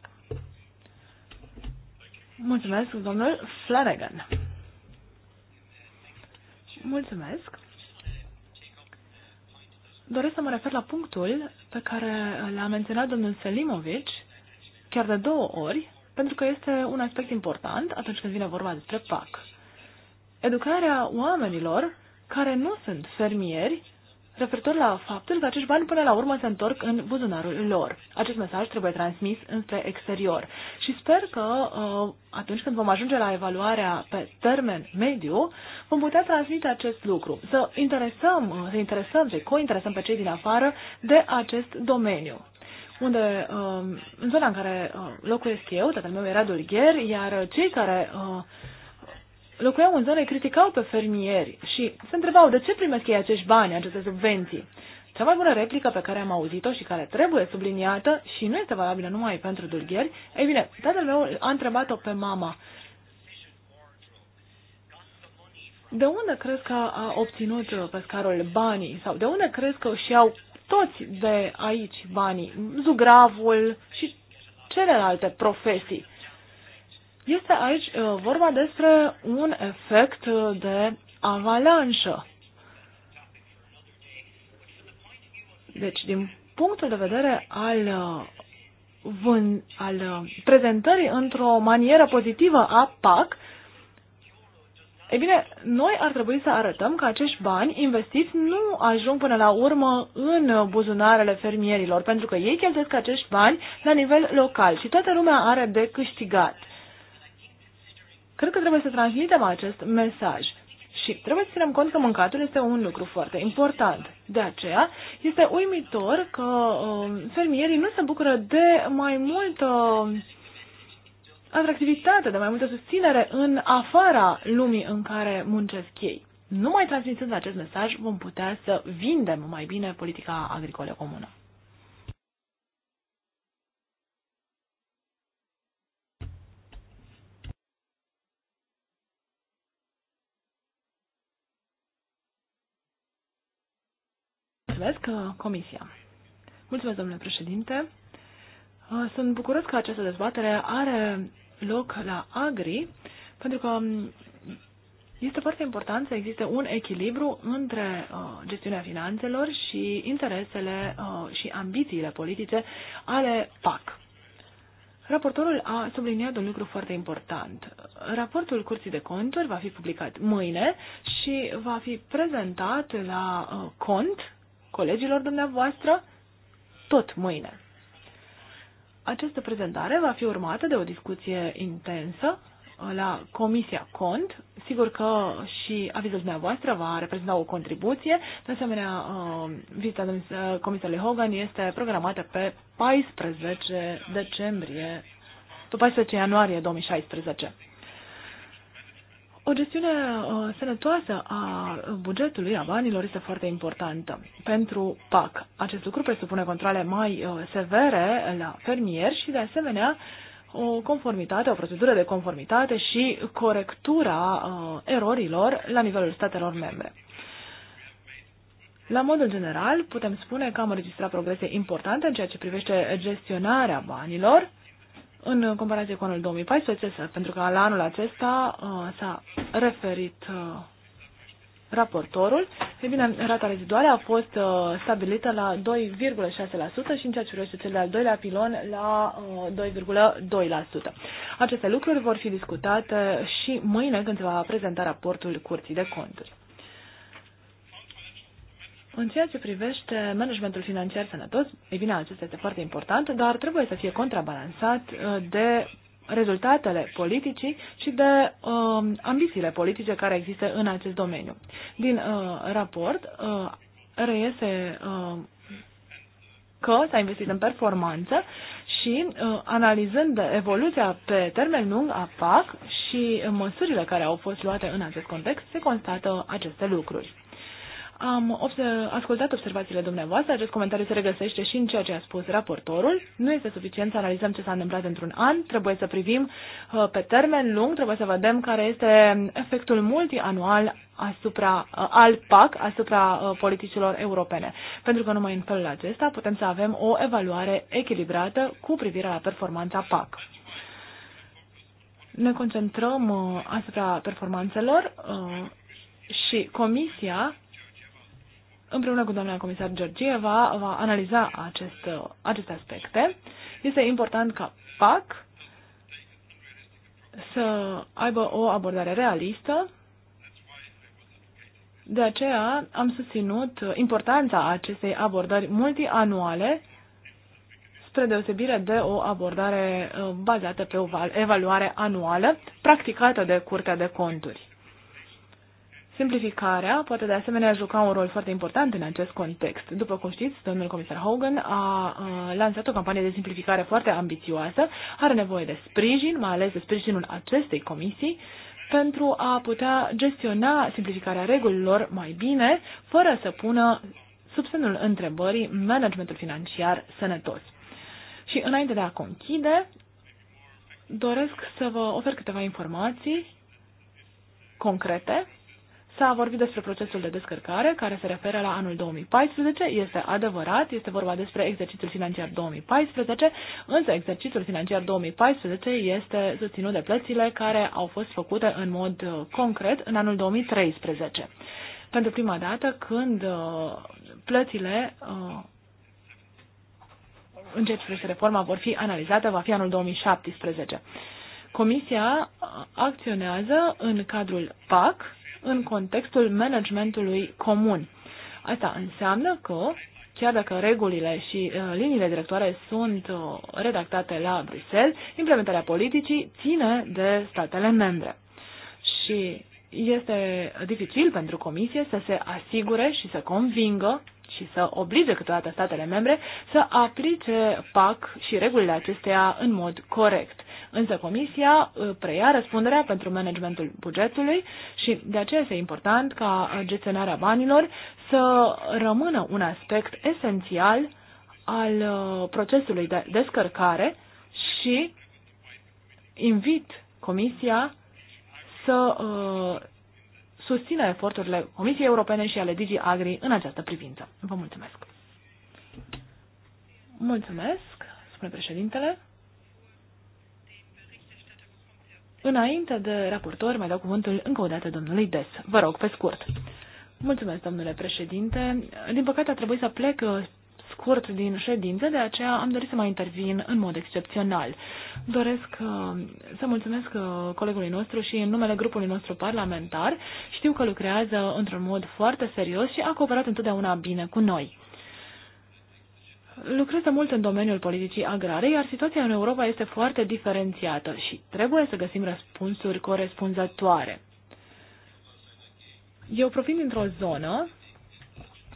Mulțumesc, domnul Flanagan! Mulțumesc. Doresc să mă refer la punctul pe care l-a menționat domnul Selimovic chiar de două ori, pentru că este un aspect important atunci când vine vorba despre PAC. Educarea oamenilor care nu sunt fermieri referitor la faptul că acești bani până la urmă se întorc în buzunarul lor. Acest mesaj trebuie transmis înspre exterior și sper că uh, atunci când vom ajunge la evaluarea pe termen mediu, vom putea transmite acest lucru, să interesăm, uh, să interesăm, să cointeresăm pe cei din afară de acest domeniu unde, uh, în zona în care locuiesc eu, tatăl meu era dulgher, iar cei care locuiau în zonă, criticau pe fermieri și se întrebau de ce primesc ei acești bani, aceste subvenții. Cea mai bună replică pe care am auzit-o și care trebuie subliniată și nu este valabilă numai pentru dulgheri, ei bine, tatăl meu a întrebat-o pe mama. De unde crezi că a obținut pescarul banii? Sau de unde crezi că își iau toți de aici banii? Zugravul și celelalte profesii. Este aici uh, vorba despre un efect uh, de avalanșă. Deci, din punctul de vedere al, uh, vân, al prezentării într-o manieră pozitivă a PAC, e bine, noi ar trebui să arătăm că acești bani investiți nu ajung până la urmă în buzunarele fermierilor, pentru că ei cheltuiesc acești bani la nivel local și toată lumea are de câștigat. Cred că trebuie să transmitem acest mesaj. Și trebuie să ținem cont că mâncatul este un lucru foarte important. De aceea este uimitor că uh, fermierii nu se bucură de mai multă um, atractivitate, de mai multă susținere în afara lumii în care muncesc ei. Numai transmitând acest mesaj vom putea să vindem mai bine politica agricolă comună. Mulțumesc, uh, Comisia. Mulțumesc, domnule președinte. Uh, sunt bucuros că această dezbatere are loc la Agri, pentru că um, este foarte important să existe un echilibru între uh, gestiunea finanțelor și interesele și ambițiile politice ale PAC. Raportorul a subliniat un lucru foarte important. Raportul Curții de Conturi va fi publicat mâine și va fi prezentat la uh, cont colegilor dumneavoastră tot mâine. Această prezentare va fi urmată de o discuție intensă la Comisia Cont. Sigur că și avizul dumneavoastră va reprezenta o contribuție. De asemenea, uh, vizita uh, Comisiei Hogan este programată pe 14 decembrie, pe 14 ianuarie 2016. O gestiune uh, sănătoasă a bugetului, a banilor, este foarte importantă. Pentru PAC, acest lucru presupune controle mai uh, severe la fermieri și, de asemenea, o conformitate, o procedură de conformitate și corectura uh, erorilor la nivelul statelor membre. La modul general, putem spune că am înregistrat progrese importante în ceea ce privește gestionarea banilor, în comparație cu anul 2014, pentru că la anul acesta uh, s-a referit uh, raportorul, e bine, rata reziduală a fost uh, stabilită la 2,6% și în ceea ce privește cel de-al doilea pilon la 2,2%. Aceste lucruri vor fi discutate și mâine când se va prezenta raportul Curții de Conturi. În ceea ce privește managementul financiar sănătos, e bine, acesta este foarte important, dar trebuie să fie contrabalansat uh, de rezultatele politicii și de uh, ambițiile politice care există în acest domeniu. Din uh, raport uh, reiese uh, că s-a investit în performanță și uh, analizând evoluția pe termen lung a PAC și măsurile care au fost luate în acest context, se constată aceste lucruri. Am ascultat observațiile dumneavoastră, acest comentariu se regăsește și în ceea ce a spus raportorul. Nu este suficient să analizăm ce s-a întâmplat într-un an, trebuie să privim uh, pe termen lung, trebuie să vedem care este efectul multianual asupra, uh, al PAC asupra uh, politicilor europene. Pentru că numai în felul acesta putem să avem o evaluare echilibrată cu privire la performanța PAC. Ne concentrăm asupra performanțelor și Comisia împreună cu doamna comisar Georgieva, va analiza acest, aceste aspecte. Este important ca PAC să aibă o abordare realistă. De aceea am susținut importanța acestei abordări multianuale spre deosebire de o abordare uh, bazată pe o evaluare anuală practicată de Curtea de Conturi. Simplificarea poate de asemenea juca un rol foarte important în acest context. După cum știți, domnul comisar Hogan a lansat o campanie de simplificare foarte ambițioasă, are nevoie de sprijin, mai ales de sprijinul acestei comisii, pentru a putea gestiona simplificarea regulilor mai bine, fără să pună sub semnul întrebării managementul financiar sănătos. Și înainte de a conchide, doresc să vă ofer câteva informații concrete S-a vorbit despre procesul de descărcare, care se referă la anul 2014. Este adevărat, este vorba despre exercițiul financiar 2014, însă exercițiul financiar 2014 este susținut de plățile care au fost făcute în mod uh, concret în anul 2013. Pentru prima dată, când uh, plățile uh, în ce privește reforma vor fi analizate, va fi anul 2017. Comisia acționează în cadrul PAC, în contextul managementului comun. Asta înseamnă că, chiar dacă regulile și uh, liniile directoare sunt uh, redactate la Bruxelles, implementarea politicii ține de statele membre. Și este dificil pentru Comisie să se asigure și să convingă și să oblige câteodată statele membre să aplice PAC și regulile acesteia în mod corect. Însă Comisia uh, preia răspunderea pentru managementul bugetului și de aceea este important ca gestionarea banilor să rămână un aspect esențial al uh, procesului de descărcare și invit Comisia să uh, susțină eforturile Comisiei Europene și ale Digi Agri în această privință. Vă mulțumesc! Mulțumesc, spune președintele. Înainte de raportor, mai dau cuvântul încă o dată domnului Des. Vă rog, pe scurt. Mulțumesc, domnule președinte. Din păcate a trebuit să plec uh, scurt din ședință, de aceea am dorit să mai intervin în mod excepțional. Doresc uh, să mulțumesc uh, colegului nostru și în numele grupului nostru parlamentar. Știu că lucrează într-un mod foarte serios și a cooperat întotdeauna bine cu noi lucrează mult în domeniul politicii agrare, iar situația în Europa este foarte diferențiată și trebuie să găsim răspunsuri corespunzătoare. Eu provin dintr-o zonă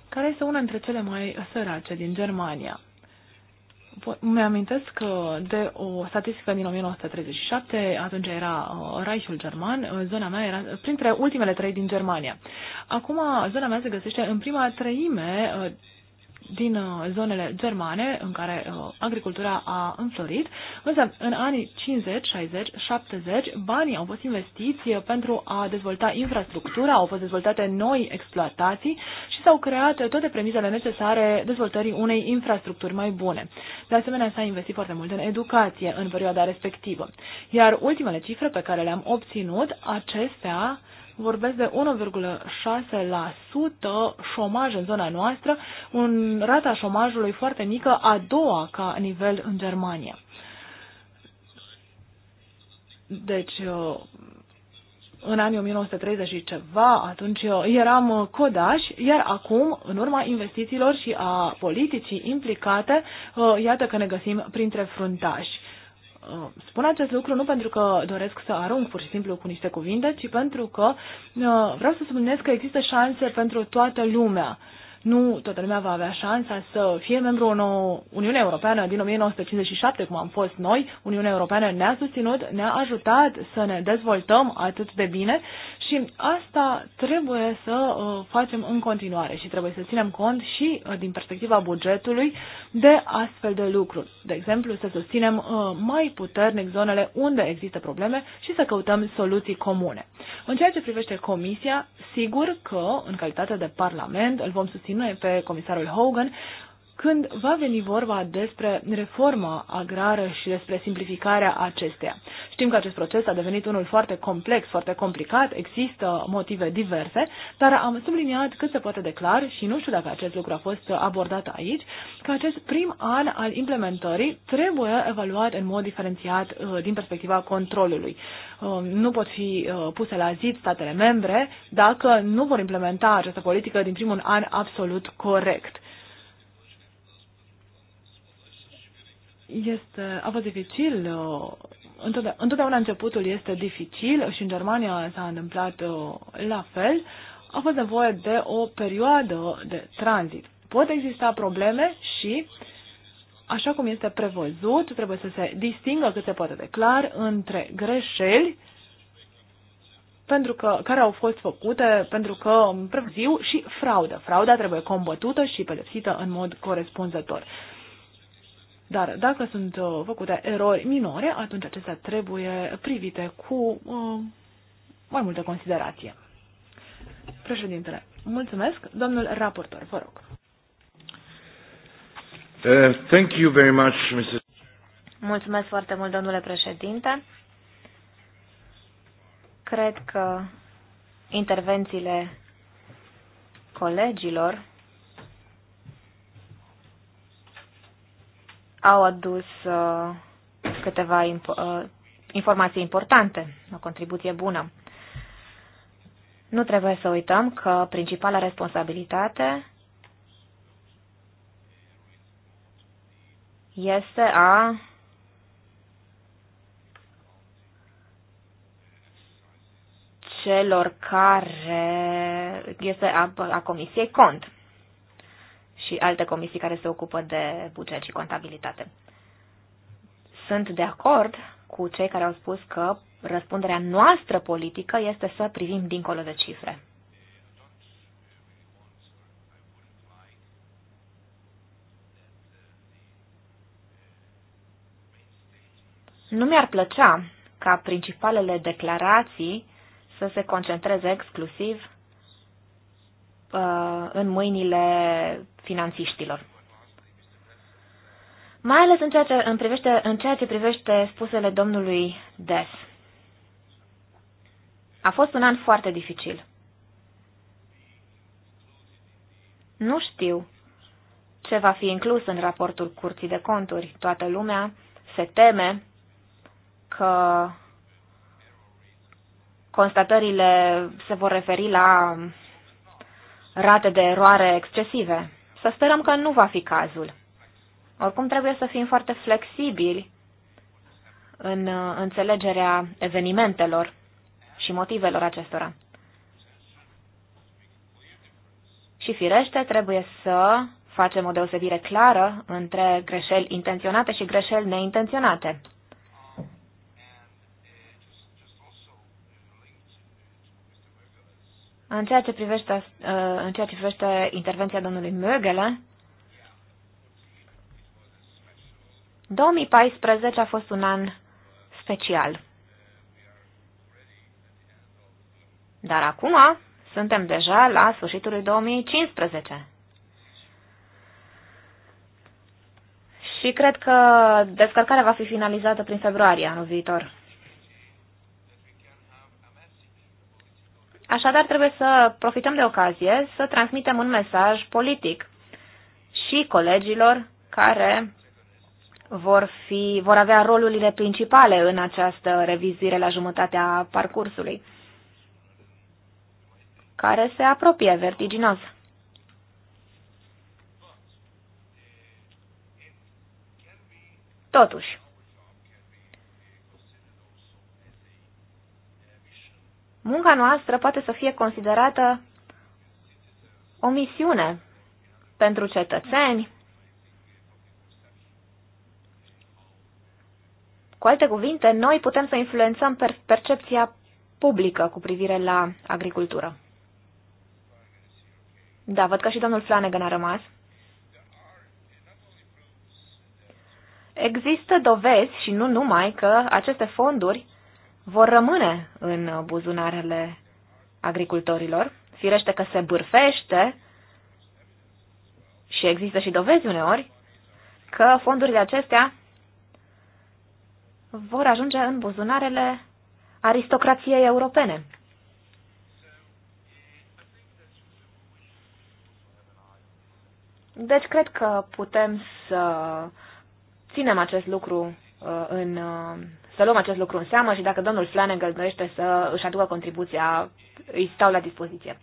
care este una dintre cele mai sărace din Germania. Mă amintesc de o statistică din 1937, atunci era uh, Reichul German, uh, zona mea era printre ultimele trei din Germania. Acum zona mea se găsește în prima treime uh, din uh, zonele germane în care uh, agricultura a înflorit, însă în anii 50, 60, 70 banii au fost investiți uh, pentru a dezvolta infrastructura, au fost dezvoltate noi exploatații și s-au creat toate premisele necesare dezvoltării unei infrastructuri mai bune. De asemenea, s-a investit foarte mult în educație în perioada respectivă. Iar ultimele cifre pe care le-am obținut, acestea vorbesc de 1,6% șomaj în zona noastră, un rata șomajului foarte mică, a doua ca nivel în Germania. Deci, uh, în anii 1930 și ceva, atunci uh, eram uh, codași, iar acum, în urma investițiilor și a politicii implicate, iată că ne găsim printre fruntași. Uh, spun acest lucru nu pentru că doresc să arunc pur și simplu cu niște cuvinte, ci pentru că uh, vreau să subliniez că există șanse pentru toată lumea. Nu toată lumea va avea șansa să fie membru în Uniunea Europeană din 1957, cum am fost noi. Uniunea Europeană ne-a susținut, ne-a ajutat să ne dezvoltăm atât de bine și asta trebuie să uh, facem în continuare și trebuie să ținem cont și uh, din perspectiva bugetului de astfel de lucruri. De exemplu, să susținem uh, mai puternic zonele unde există probleme și să căutăm soluții comune. În ceea ce privește Comisia, sigur că, în calitate de Parlament, îl vom susține pe comisarul Hogan când va veni vorba despre reforma agrară și despre simplificarea acesteia. Știm că acest proces a devenit unul foarte complex, foarte complicat, există motive diverse, dar am subliniat cât se poate declar și nu știu dacă acest lucru a fost abordat aici, că acest prim an al implementării trebuie evaluat în mod diferențiat uh, din perspectiva controlului. Uh, nu pot fi uh, puse la zid statele membre dacă nu vor implementa această politică din primul an absolut corect este, a fost dificil, uh, întotdeauna începutul este dificil și în Germania s-a întâmplat uh, la fel, a fost nevoie de o perioadă de tranzit. Pot exista probleme și, așa cum este prevăzut, trebuie să se distingă cât se poate de clar între greșeli pentru că, care au fost făcute pentru că preziu și fraudă. Frauda trebuie combătută și pedepsită în mod corespunzător. Dar dacă sunt uh, făcute erori minore, atunci acestea trebuie privite cu uh, mai multă considerație. Președintele, mulțumesc. Domnul raportor, vă rog. Uh, thank you very much, Mrs. Mulțumesc foarte mult, domnule președinte. Cred că intervențiile colegilor au adus uh, câteva uh, informații importante, o contribuție bună. Nu trebuie să uităm că principala responsabilitate este a celor care este a, a Comisiei Cont și alte comisii care se ocupă de buget și contabilitate. Sunt de acord cu cei care au spus că răspunderea noastră politică este să privim dincolo de cifre. Nu mi-ar plăcea ca principalele declarații să se concentreze exclusiv Uh, în mâinile finanțiștilor. Mai ales în ceea ce, în privește, în ceea ce privește spusele domnului Des. A fost un an foarte dificil. Nu știu ce va fi inclus în raportul Curții de Conturi. Toată lumea se teme că constatările se vor referi la rate de eroare excesive. Să sperăm că nu va fi cazul. Oricum trebuie să fim foarte flexibili în uh, înțelegerea evenimentelor și motivelor acestora. Și firește, trebuie să facem o deosebire clară între greșeli intenționate și greșeli neintenționate. În ceea ce privește, uh, în ceea ce privește intervenția domnului Mögele, 2014 a fost un an special. Dar acum suntem deja la sfârșitul lui 2015. Și cred că descărcarea va fi finalizată prin februarie anul viitor. Așadar, trebuie să profităm de ocazie să transmitem un mesaj politic și colegilor care vor, fi, vor avea rolurile principale în această revizuire la jumătatea parcursului, care se apropie vertiginos. Totuși, munca noastră poate să fie considerată o misiune pentru cetățeni. Cu alte cuvinte, noi putem să influențăm percepția publică cu privire la agricultură. Da, văd că și domnul Flanagan a rămas. Există dovezi și nu numai că aceste fonduri vor rămâne în buzunarele agricultorilor. Firește că se bârfește și există și dovezi uneori că fondurile acestea vor ajunge în buzunarele aristocrației europene. Deci cred că putem să ținem acest lucru uh, în uh, să luăm acest lucru în seamă și dacă domnul Flanagan dorește să își aducă contribuția, îi stau la dispoziție.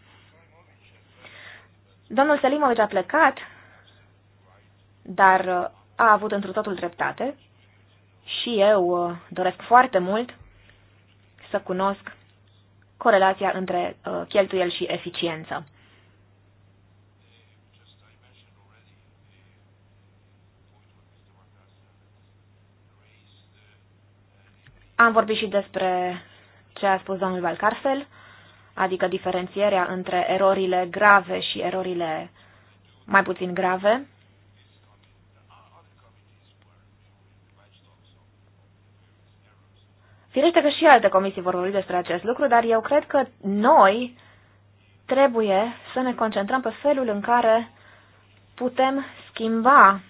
Domnul Selimovic a plecat, dar a avut într totul dreptate și eu doresc foarte mult să cunosc corelația între uh, cheltuiel și eficiență. Am vorbit și despre ce a spus domnul Valcarcel, adică diferențierea între erorile grave și erorile mai puțin grave. Firește că și alte comisii vor vorbi despre acest lucru, dar eu cred că noi trebuie să ne concentrăm pe felul în care putem schimba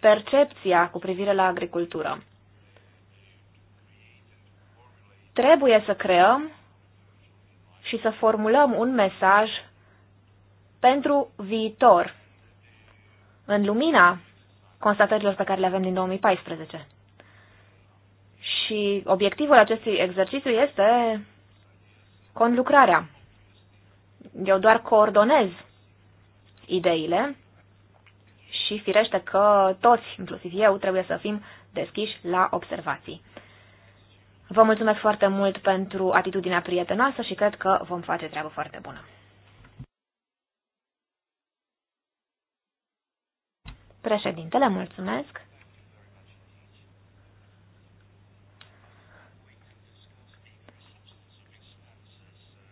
percepția cu privire la agricultură. Trebuie să creăm și să formulăm un mesaj pentru viitor, în lumina constatărilor pe care le avem din 2014. Și obiectivul acestui exercițiu este conlucrarea. Eu doar coordonez ideile și firește că toți, inclusiv eu, trebuie să fim deschiși la observații. Vă mulțumesc foarte mult pentru atitudinea prietenoasă și cred că vom face treabă foarte bună. Președintele, mulțumesc.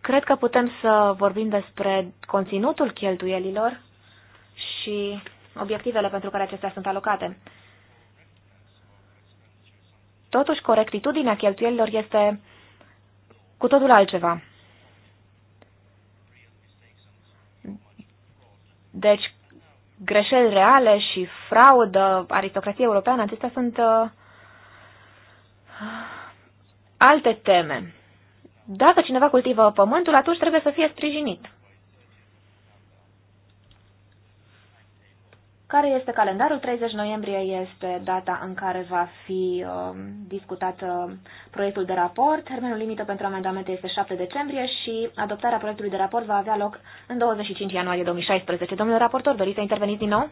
Cred că putem să vorbim despre conținutul cheltuielilor și obiectivele pentru care acestea sunt alocate. Totuși, corectitudinea cheltuielilor este cu totul altceva. Deci, greșeli reale și fraudă, aristocrația europeană, acestea sunt uh, alte teme. Dacă cineva cultivă pământul, atunci trebuie să fie sprijinit. Care este calendarul? 30 noiembrie este data în care va fi uh, discutat uh, proiectul de raport. Termenul limită pentru amendamente este 7 decembrie și adoptarea proiectului de raport va avea loc în 25 ianuarie 2016. Domnule raportor, doriți să interveniți din nou?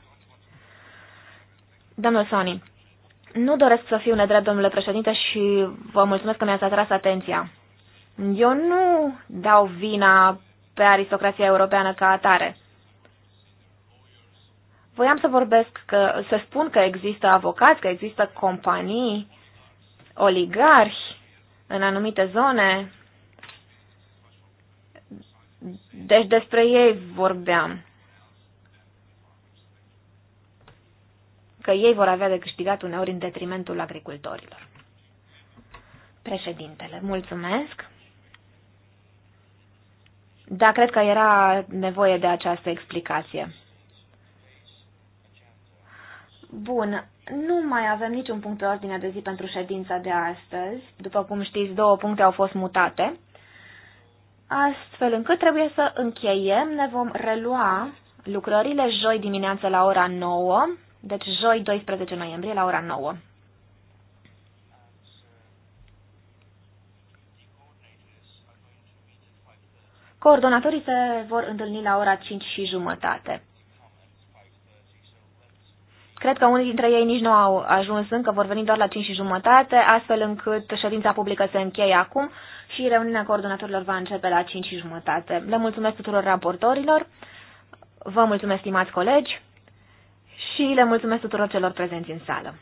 Domnul Sony, nu doresc să fiu nedrept, domnule președinte, și vă mulțumesc că mi-ați atras atenția. Eu nu dau vina pe aristocrația europeană ca atare. Voiam să vorbesc, că, să spun că există avocați, că există companii, oligarhi în anumite zone. Deci despre ei vorbeam. Că ei vor avea de câștigat uneori în detrimentul agricultorilor. Președintele, mulțumesc. Da, cred că era nevoie de această explicație. Bun, nu mai avem niciun punct de ordine de zi pentru ședința de astăzi. După cum știți, două puncte au fost mutate. Astfel încât trebuie să încheiem, ne vom relua lucrările joi dimineață la ora 9, deci joi 12 noiembrie la ora 9. Coordonatorii se vor întâlni la ora 5 și jumătate. Cred că unii dintre ei nici nu au ajuns încă, vor veni doar la 5 și jumătate, astfel încât ședința publică se încheie acum și reuniunea coordonatorilor va începe la 5 și jumătate. Le mulțumesc tuturor raportorilor, vă mulțumesc, stimați colegi, și le mulțumesc tuturor celor prezenți în sală.